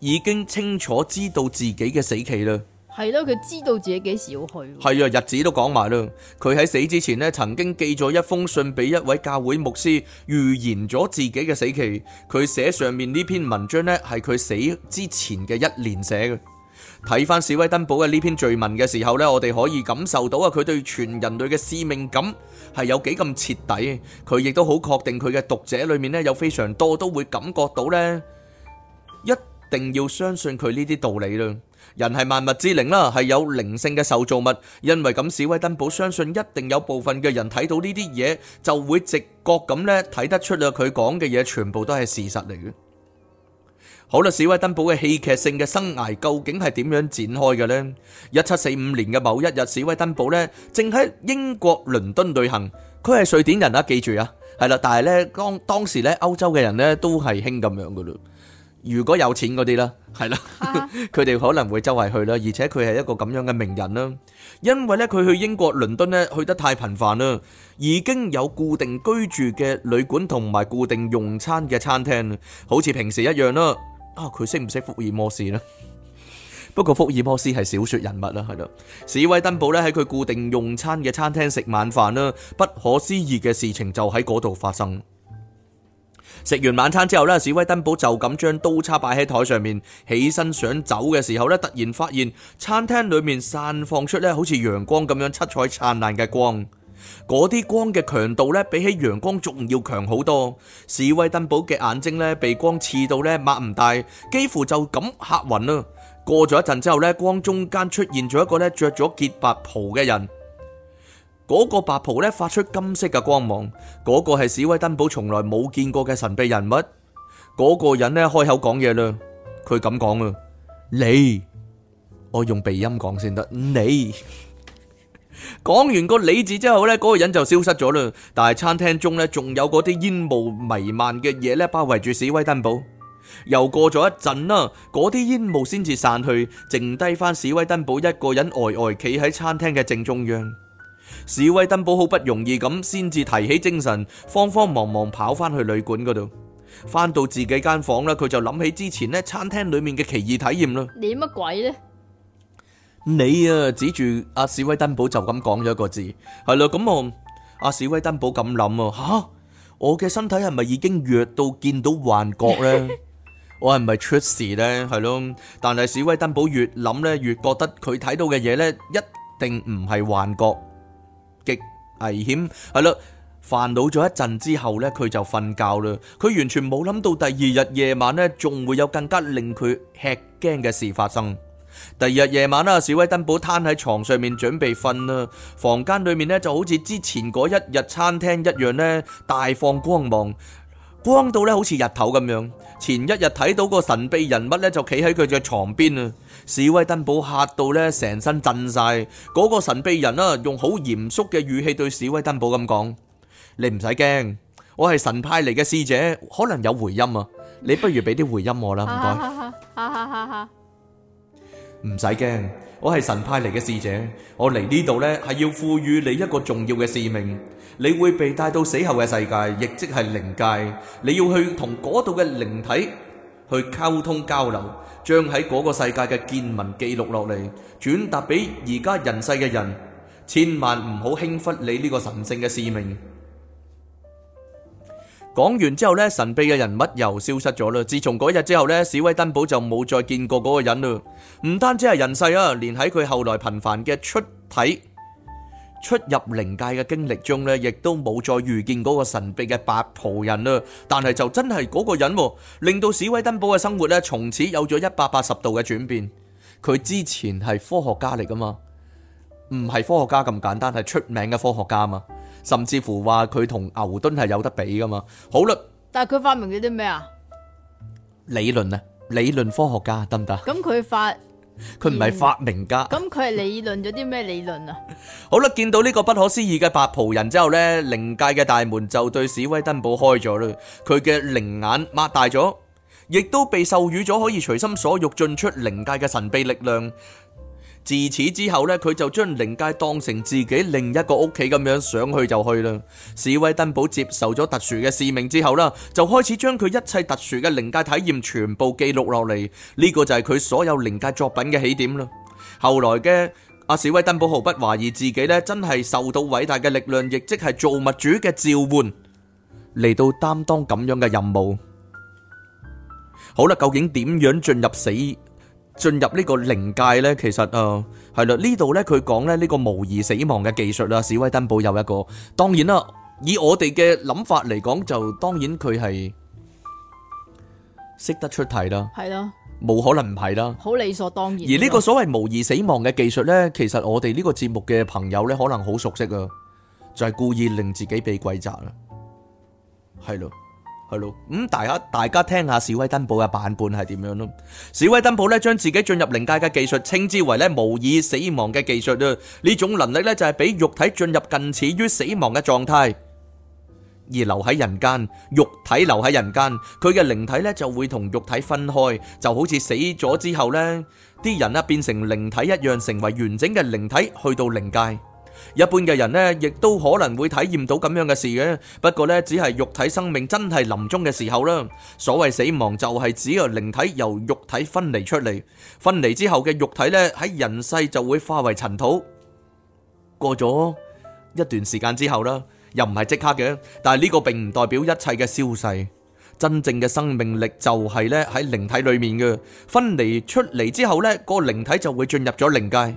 已經清楚知道自己嘅死期啦。係咯，佢知道自己幾時要去。係啊，日子都講埋啦。佢喺死之前咧，曾經寄咗一封信俾一位教會牧師，預言咗自己嘅死期。佢寫上面呢篇文章呢，係佢死之前嘅一年寫嘅。睇翻史威登堡嘅呢篇序文嘅時候呢，我哋可以感受到啊，佢對全人類嘅使命感係有幾咁徹底。佢亦都好確定佢嘅讀者裏面呢，有非常多都會感覺到呢：一定要相信佢呢啲道理咯。人係萬物之靈啦，係有靈性嘅受造物。因為咁，史威登堡相信一定有部分嘅人睇到呢啲嘢，就會直覺咁呢，睇得出啊，佢講嘅嘢全部都係事實嚟嘅。好啦，史威登堡嘅戲劇性嘅生涯究竟係點樣展開嘅呢？一七四五年嘅某一日，史威登堡呢正喺英國倫敦旅行。佢係瑞典人啊，記住啊，係啦。但係呢當當時呢歐洲嘅人呢都係興咁樣噶咯。如果有錢嗰啲啦，係啦，佢哋可能會周圍去啦。而且佢係一個咁樣嘅名人啦。因為呢佢去英國倫敦呢去得太頻繁啦，已經有固定居住嘅旅館同埋固定用餐嘅餐廳，好似平時一樣啦。啊！佢識唔識福爾摩斯呢？ 不過福爾摩斯係小說人物啦，係咯。史威登堡咧，喺佢固定用餐嘅餐廳食晚飯啦，不可思議嘅事情就喺嗰度發生。食完晚餐之後咧，史威登堡就咁將刀叉擺喺台上面，起身想走嘅時候呢，突然發現餐廳裏面散放出呢好似陽光咁樣七彩燦爛嘅光。嗰啲光嘅強度咧，比起陽光仲要強好多。史威登堡嘅眼睛咧，被光刺到咧，擘唔大，幾乎就咁吓暈啦。過咗一陣之後咧，光中間出現咗一個咧，着咗潔白袍嘅人。嗰個白袍咧，發出金色嘅光芒。嗰個係史威登堡從來冇見過嘅神秘人物。嗰個人咧，開口講嘢啦。佢咁講啦，你，我用鼻音講先得，你。講完個理智之後呢，嗰、那個人就消失咗啦。但係餐廳中呢，仲有嗰啲煙霧彌漫嘅嘢呢，包圍住史威登堡。又過咗一陣啦，嗰啲煙霧先至散去，剩低翻史威登堡一個人呆呆企喺餐廳嘅正中央。史威登堡好不容易咁先至提起精神，慌慌忙忙跑翻去旅館嗰度。翻到自己間房呢，佢就諗起之前呢餐廳裏面嘅奇異體驗啦。點乜鬼呢？你啊，指住阿史威登堡就咁講咗一個字，係啦，咁啊，阿史威登堡咁諗啊，吓，我嘅身體係咪已經弱到見到幻覺呢？我係咪出事呢？係咯，但係史威登堡越諗呢，越覺得佢睇到嘅嘢呢，一定唔係幻覺，極危險，係啦，煩惱咗一陣之後呢，佢就瞓覺啦。佢完全冇諗到第二日夜晚呢，仲會有更加令佢吃驚嘅事發生。第二日夜晚啦，史威登堡攤喺床上面準備瞓啦。房間裏面咧就好似之前嗰一日餐廳一樣咧，大放光芒，光到咧好似日頭咁樣。前一日睇到個神秘人物咧就企喺佢嘅床邊啊，史威登堡吓到咧成身震晒。嗰、個神秘人啊用好嚴肅嘅語氣對史威登堡咁講：你唔使驚，我係神派嚟嘅使者，可能有回音啊。你不如俾啲回音我啦，唔該。 唔使驚，我係神派嚟嘅使者，我嚟呢度呢，係要賦予你一個重要嘅使命，你會被帶到死後嘅世界，亦即係靈界，你要去同嗰度嘅靈體去溝通交流，將喺嗰個世界嘅見聞記錄落嚟，轉達俾而家人世嘅人，千萬唔好輕忽你呢個神聖嘅使命。講完之後呢，神秘嘅人物又消失咗啦。自從嗰日之後呢，史威登堡就冇再見過嗰個人啦。唔單止係人世啊，連喺佢後來頻繁嘅出體、出入靈界嘅經歷中呢，亦都冇再遇見嗰個神秘嘅白袍人啦。但係就真係嗰個人，令到史威登堡嘅生活呢，從此有咗一百八十度嘅轉變。佢之前係科學家嚟噶嘛，唔係科學家咁簡單，係出名嘅科學家嘛。甚至乎話佢同牛頓係有得比噶嘛？好啦，但係佢發明咗啲咩啊？理論啊，理論科學家得唔得？咁佢發，佢唔係發明家。咁佢係理論咗啲咩理論啊？ 好啦，見到呢個不可思議嘅白袍人之後呢，靈界嘅大門就對史威登堡開咗嘞。佢嘅靈眼擘大咗，亦都被授予咗可以隨心所欲進出靈界嘅神秘力量。自此之後呢佢就將靈界當成自己另一個屋企咁樣，想去就去啦。史威登堡接受咗特殊嘅使命之後呢就開始將佢一切特殊嘅靈界體驗全部記錄落嚟。呢、這個就係佢所有靈界作品嘅起點啦。後來嘅阿、啊、史威登堡毫不懷疑自己呢真係受到偉大嘅力量，亦即係造物主嘅召喚，嚟到擔當咁樣嘅任務。好啦，究竟點樣進入死？進入呢個靈界呢，其實誒係啦，呢度呢，佢講咧呢個模擬死亡嘅技術啦，史威登堡有一個，當然啦，以我哋嘅諗法嚟講，就當然佢係識得出題啦，係咯的，冇可能唔係啦，好理所當然。而呢個所謂模擬死亡嘅技術呢，其實我哋呢個節目嘅朋友呢，可能好熟悉啊，就係故意令自己被鬼抓啦，係咯。係咯，咁大家大家聽下史威登堡嘅版本係點樣咯？史威登堡咧將自己進入靈界嘅技術稱之為咧模擬死亡嘅技術啊！呢種能力咧就係俾肉體進入近似於死亡嘅狀態，而留喺人間，肉體留喺人間，佢嘅靈體咧就會同肉體分開，就好似死咗之後咧啲人咧變成靈體一樣，成為完整嘅靈體去到靈界。一般嘅人呢，亦都可能會體驗到咁樣嘅事嘅。不過呢，只係肉體生命真係臨終嘅時候啦。所謂死亡就係指個靈體由肉體分離出嚟，分離之後嘅肉體呢喺人世就會化為塵土。過咗一段時間之後啦，又唔係即刻嘅。但係呢個並唔代表一切嘅消逝。真正嘅生命力就係呢喺靈體裡面嘅，分離出嚟之後呢，個靈體就會進入咗靈界。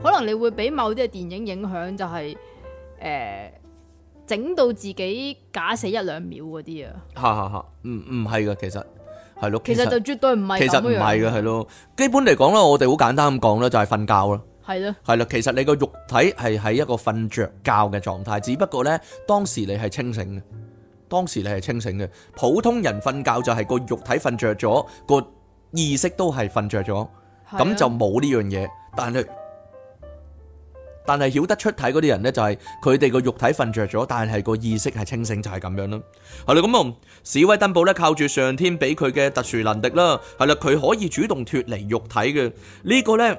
可能你會俾某啲嘅電影影響，就係誒整到自己假死一兩秒嗰啲啊，嚇嚇嚇，唔，唔係嘅，其實係咯，其實，其實就絕對唔係。其實唔係嘅，係咯。了基本嚟講咧，我哋好簡單咁講咧，就係瞓覺咯。係咯，係啦。其實你個肉體係喺一個瞓着覺嘅狀態，只不過咧當時你係清醒嘅，當時你係清醒嘅。普通人瞓覺就係個肉體瞓着咗，個意識都係瞓着咗，咁了就冇呢樣嘢。但係但係曉得出體嗰啲人呢，就係佢哋個肉體瞓着咗，但係個意識係清醒，就係、是、咁樣啦。係啦，咁啊，史威登堡呢，靠住上天俾佢嘅特殊能力啦，係啦，佢可以主動脫離肉體嘅呢、呢個呢，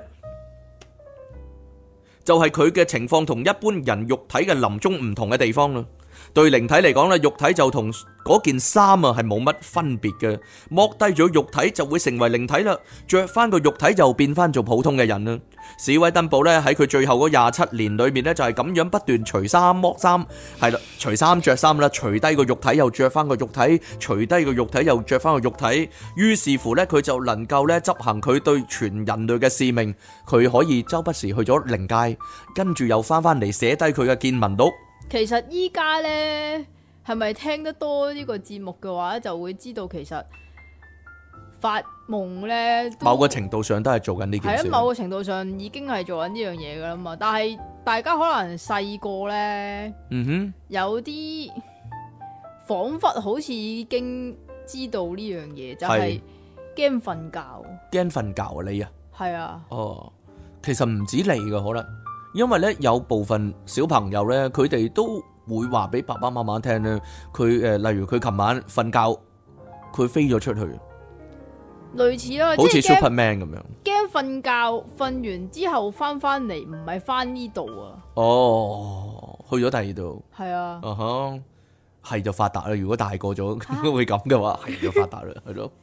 就係佢嘅情況同一般人肉體嘅臨終唔同嘅地方啦。對靈體嚟講咧，肉體就同嗰件衫啊係冇乜分別嘅，剝低咗肉體就會成為靈體啦，著翻個肉體就變翻做普通嘅人啦。史威登堡咧，喺佢最後嗰廿七年裏面咧，就係咁樣不斷除衫剝衫，係啦，除衫著衫啦，除低個肉體又著翻個肉體，除低個肉體又著翻個肉體，於是乎咧佢就能夠咧執行佢對全人類嘅使命，佢可以周不時去咗靈界，跟住又翻翻嚟寫低佢嘅見聞錄。其實依家咧，係咪聽得多呢個節目嘅話，就會知道其實發夢咧，某個程度上都係做緊呢件事。係啊，某個程度上已經係做緊呢樣嘢噶啦嘛。但係大家可能細個咧，嗯哼，有啲仿佛好似已經知道呢樣嘢，是就係驚瞓覺，驚瞓覺啊你啊，係啊，哦，oh, 其實唔止你噶可能。因為咧有部分小朋友咧，佢哋都會話俾爸爸媽媽聽咧，佢誒、呃，例如佢琴晚瞓覺，佢飛咗出去，類似囉，好似 Superman 咁樣，驚瞓覺，瞓完之後翻翻嚟，唔係翻呢度啊，哦，去咗第二度，係啊，啊哈、uh，係、huh, 就發達啦，如果大個咗、啊、 會咁嘅話，係就發達啦，係咯。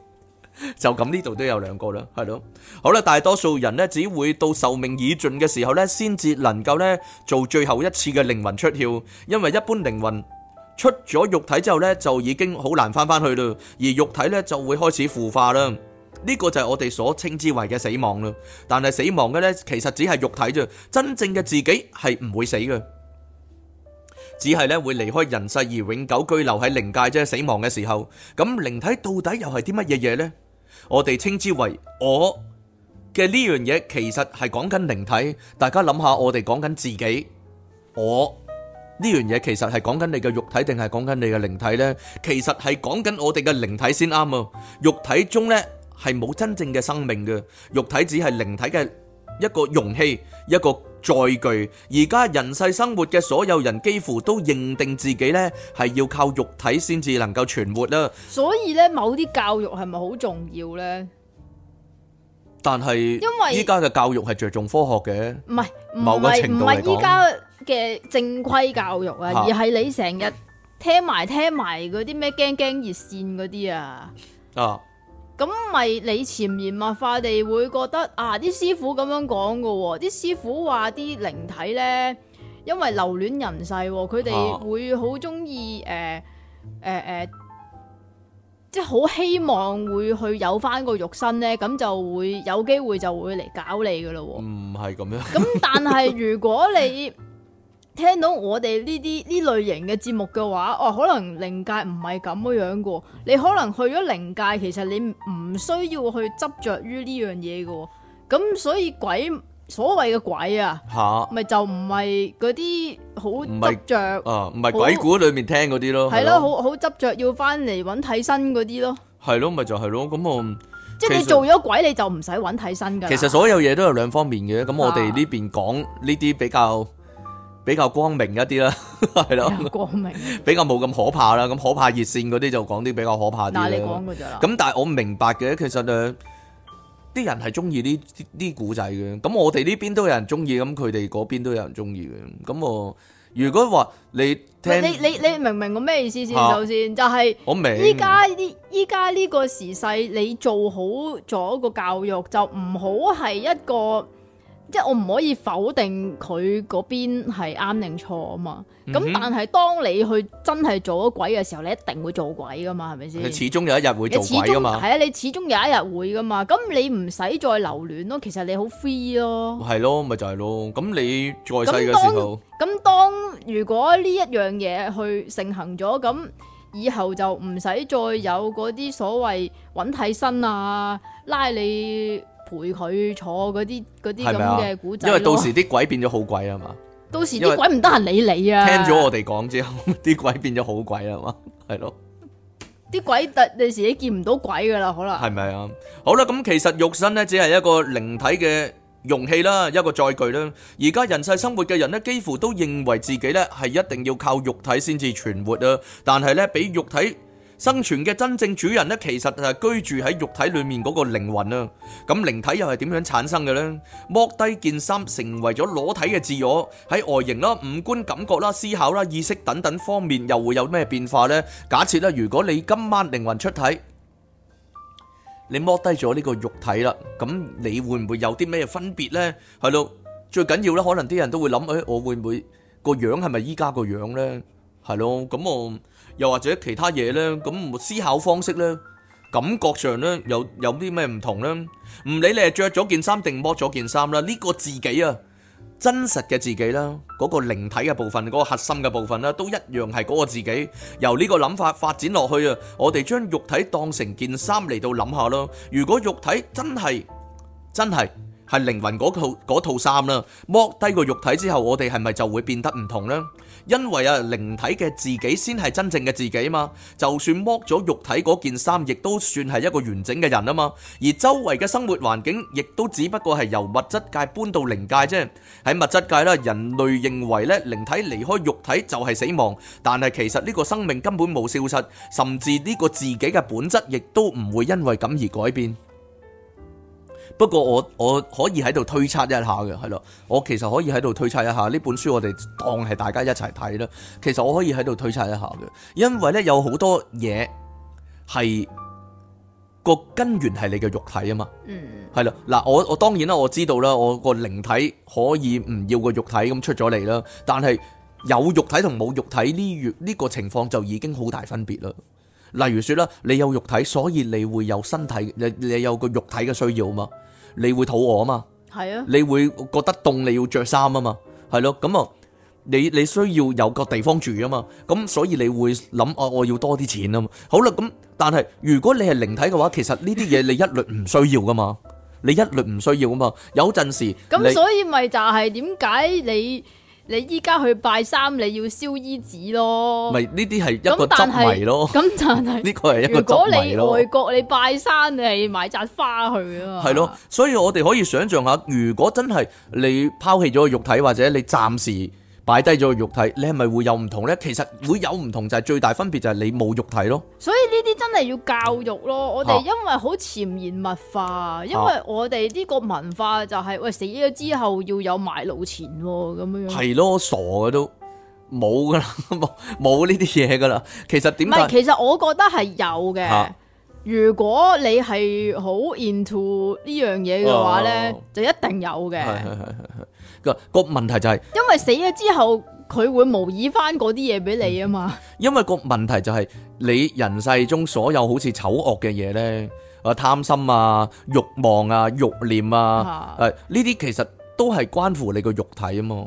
就咁呢度都有兩個啦，係咯，好啦，大多數人呢只會到壽命已盡嘅時候呢，先至能夠呢做最後一次嘅靈魂出竅，因為一般靈魂出咗肉體之後呢，就已經好難翻翻去啦，而肉體呢就會開始腐化啦，呢個就係我哋所稱之為嘅死亡啦。但係死亡嘅呢，其實只係肉體啫，真正嘅自己係唔會死嘅，只係呢會離開人世而永久居留喺靈界啫。死亡嘅時候，咁靈體到底又係啲乜嘢嘢呢？我哋稱之為我嘅呢樣嘢，其實係講緊靈體。大家諗下，我哋講緊自己我呢樣嘢，其實係講緊你嘅肉體，定係講緊你嘅靈體呢？其實係講緊我哋嘅靈體先啱啊！肉體中呢，係冇真正嘅生命嘅，肉體只係靈體嘅一個容器，一個。再具而家人世生活嘅所有人，幾乎都認定自己呢係要靠肉體先至能夠存活啦。所以呢，某啲教育，係咪好重要呢？但係因為依家嘅教育係着重科學嘅，唔係某個程度嚟講，唔係依家嘅正規教育啊，而係你成日聽埋聽埋嗰啲咩驚驚熱線嗰啲啊啊！咁咪你潛移默化地會覺得啊，啲師傅咁樣講㗎喎，啲師傅話啲靈體咧，因為留戀人世，佢哋會好鍾意誒誒誒，即係好希望會去有返個肉身咧，咁就會有機會就會嚟搞你㗎咯喎。唔係咁樣。咁但係如果你。 聽到我哋呢啲呢類型嘅節目嘅話，哦，可能靈界唔係咁樣嘅，你可能去咗靈界，其實你唔需要去執着於呢樣嘢嘅，咁所以鬼，所謂嘅鬼啊，吓，咪就唔係嗰啲好執着啊，唔係鬼故裏面聽嗰啲咯，係咯，好好執着要翻嚟揾替身嗰啲咯，係咯，咪就係咯，咁我即係你做咗鬼你就唔使揾替身噶啦，其實所有嘢都有兩方面嘅，咁我哋呢邊講呢啲比較。比較光明一啲啦，係咯，光明，比較冇咁可怕啦。咁可怕熱線嗰啲就講啲比較可怕啲。但係你講過咋？咁但係我明白嘅，其實誒，啲人係中意呢啲啲古仔嘅。咁我哋呢邊都有人中意，咁佢哋嗰邊都有人中意嘅。咁我如果話你聽，你你你明唔明我咩意思先？首先就係，我明依家依依家呢個時勢，你做好咗個教育，就唔好係一個。即係我唔可以否定佢嗰邊係啱定錯啊嘛，咁、嗯、哼但係當你去真係做咗鬼嘅時候，你一定會做鬼噶嘛，係咪先？你始終有一日會做鬼噶嘛？係啊，你始終有一日會噶嘛？咁你唔使再留戀咯，其實你好 free 咯。係咯，咪就係、是、咯。咁你再世嘅時候，咁當，當如果呢一樣嘢去盛行咗，咁以後就唔使再有嗰啲所謂揾替身啊，拉你。陪佢坐嗰啲啲咁嘅古仔，因為到時啲鬼變咗好鬼啊嘛！到時啲鬼唔得閒理你啊！聽咗我哋講之後，啲鬼變咗好鬼啦嘛，係咯？啲鬼突第時你見唔到鬼噶啦，可能係咪啊？好啦，咁其實肉身咧只係一個靈體嘅容器啦，一個載具啦。而家人世生活嘅人咧，幾乎都認為自己咧係一定要靠肉體先至存活啊。但係咧，俾肉體。生存嘅真正主人呢，其實係居住喺肉體裏面嗰個靈魂啊。咁靈體又係點樣產生嘅呢？剝低件衫，成為咗裸體嘅自我，喺外形啦、五官、感覺啦、思考啦、意識等等方面，又會有咩變化呢？假設咧，如果你今晚靈魂出體，你剝低咗呢個肉體啦，咁你會唔會有啲咩分別呢？係咯，最緊要呢，可能啲人都會諗，誒，我會唔會個樣係咪依家個樣呢？係咯，咁我。又或者其他嘢呢，咁思考方式呢，感覺上呢，有有啲咩唔同呢？唔理你係著咗件衫定剝咗件衫啦，呢個自己啊，真實嘅自己啦，嗰個靈體嘅部分，嗰個核心嘅部分呢，都一樣係嗰個自己。由呢個諗法發展落去啊，我哋將肉體當成件衫嚟到諗下咯。如果肉體真係真係係靈魂嗰套嗰套衫啦，剝低個肉體之後，我哋係咪就會變得唔同呢？因為啊，靈體嘅自己先係真正嘅自己嘛，就算剝咗肉體嗰件衫，亦都算係一個完整嘅人啊嘛。而周圍嘅生活環境，亦都只不過係由物質界搬到靈界啫。喺物質界啦，人類認為咧靈體離開肉體就係死亡，但係其實呢個生命根本冇消失，甚至呢個自己嘅本質，亦都唔會因為咁而改變。不過我我可以喺度推測一下嘅，係咯，我其實可以喺度推測一下呢本書，我哋當係大家一齊睇啦。其實我可以喺度推測一下嘅，因為呢，有好多嘢係個根源係你嘅肉體啊嘛。嗯，係啦，嗱，我我當然啦，我知道啦，我個靈體可以唔要個肉體咁出咗嚟啦，但係有肉體同冇肉體呢？呢個情況就已經好大分別啦。例如說啦，你有肉體，所以你會有身體，你你有個肉體嘅需要啊嘛。你會肚餓啊嘛，係啊的，你會覺得凍，你要着衫啊嘛，係咯，咁啊，你你需要有個地方住啊嘛，咁所以你會諗啊，我要多啲錢啊嘛。好啦，咁但係如果你係靈體嘅話，其實呢啲嘢你一律唔需要噶嘛。 你一律唔需要啊嘛，有陣時，咁所以咪就係點解你？你依家去拜山，你要燒衣紙咯。咪呢啲係一個執迷咯。咁但係呢個係一個執迷咯。如果你外國你拜山，你係買扎花去啊嘛。係咯，所以我哋可以想象下，如果真係你拋棄咗個肉體，或者你暫時。擺低咗個肉體，你係咪會有唔同咧？其實會有唔同就係、是、最大分別就係你冇肉體咯。所以呢啲真係要教育咯。我哋因為好潛移默化，因為我哋呢個文化就係、是、喂死咗之後要有埋路錢咁樣。係咯，傻嘅都冇噶，冇冇呢啲嘢噶啦。其實點？唔係，其實我覺得係有嘅。啊如果你係好 into 呢樣嘢嘅話咧，就一定有嘅。個個問題就係因為死咗之後，佢會模擬翻嗰啲嘢俾你啊嘛。因為個問題就係你人世中所有好似醜惡嘅嘢咧，啊貪心啊、慾望啊、慾念啊，誒呢啲其實都係關乎你個肉體啊嘛。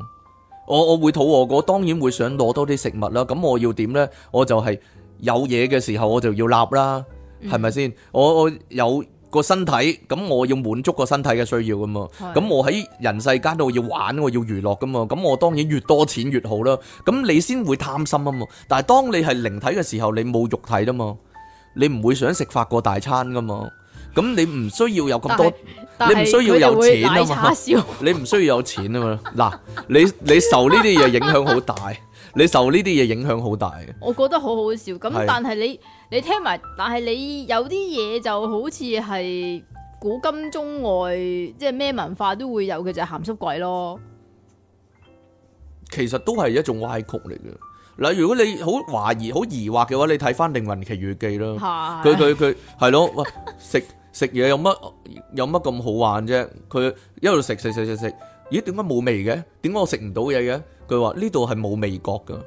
我我會肚餓嗰，當然會想攞多啲食物啦。咁我要點咧？我就係有嘢嘅時候我就要攬啦。係咪先？我我有個身體，咁我要滿足個身體嘅需要噶嘛。咁我喺人世間度要玩，我要娛樂噶嘛。咁我當然越多錢越好啦。咁你先會貪心啊嘛。但係當你係靈體嘅時候，你冇肉體啊嘛，你唔會想食法國大餐噶嘛。咁你唔需要有咁多，你唔需要有錢啊嘛。你唔需要有錢啊嘛。嗱， 你你受呢啲嘢影響好大，你受呢啲嘢影響好大。我覺得好好笑。咁但係你。.你聽埋，但係你有啲嘢就好似係古今中外，即係咩文化都會有嘅，就係鹹濕鬼咯。其實都係一種歪曲嚟嘅。嗱，如果你好懷疑、好疑惑嘅話，你睇翻《靈魂奇遇記》啦。係佢佢佢係咯，喂，食食嘢有乜有乜咁好玩啫？佢一路食食食食食，咦？點解冇味嘅？點解我食唔到嘢嘅？佢話呢度係冇味覺噶，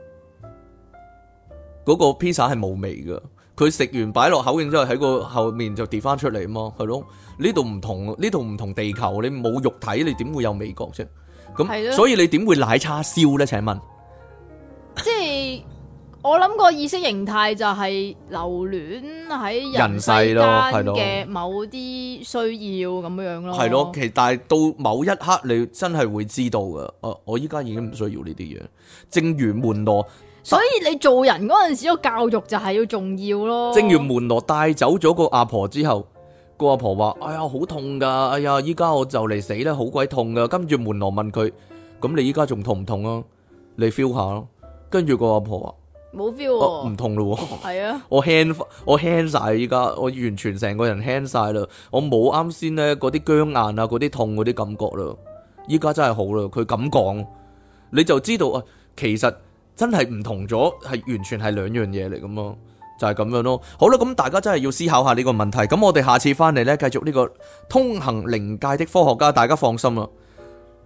嗰個披薩係冇味噶。佢食完擺落口面之後喺個後面就跌翻出嚟嘛，係咯？呢度唔同，呢度唔同地球，你冇肉體，你點會有味覺啫？咁的所以你點會奶叉燒咧？請問，即係我諗個意識形態就係留戀喺人世間嘅某啲需要咁樣樣咯。係咯，其實但係到某一刻你真係會知道噶。誒、啊，我依家已經唔需要呢啲嘢，正如門羅。所以你做人嗰陣時，個教育就係要重要咯。正如門羅帶走咗個阿婆之後，個阿婆話：「哎呀，好痛噶！哎呀，依家我就嚟死啦，好鬼痛噶！跟住門羅問佢：「咁你依家仲痛唔痛啊？你 feel 下咯。跟住個阿婆話：「冇 feel，唔痛咯。係啊，我輕，我輕晒依家，我完全成個人輕晒啦，我冇啱先咧嗰啲僵硬啊，嗰啲痛嗰啲感覺啦。依家真係好啦，佢咁講，你就知道啊，其實。真係唔同咗，係完全係兩樣嘢嚟咁咯，就係咁樣咯。好啦，咁大家真係要思考下呢個問題。咁我哋下次翻嚟呢，繼續呢個通行靈界的科學家。大家放心啦，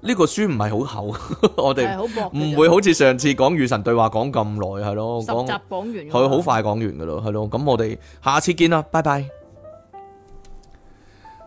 呢個書唔係好厚，我哋唔會好似上次講與神對話講咁耐係咯，十集講完，好快講完噶咯，係咯。咁我哋下次見啦，拜拜。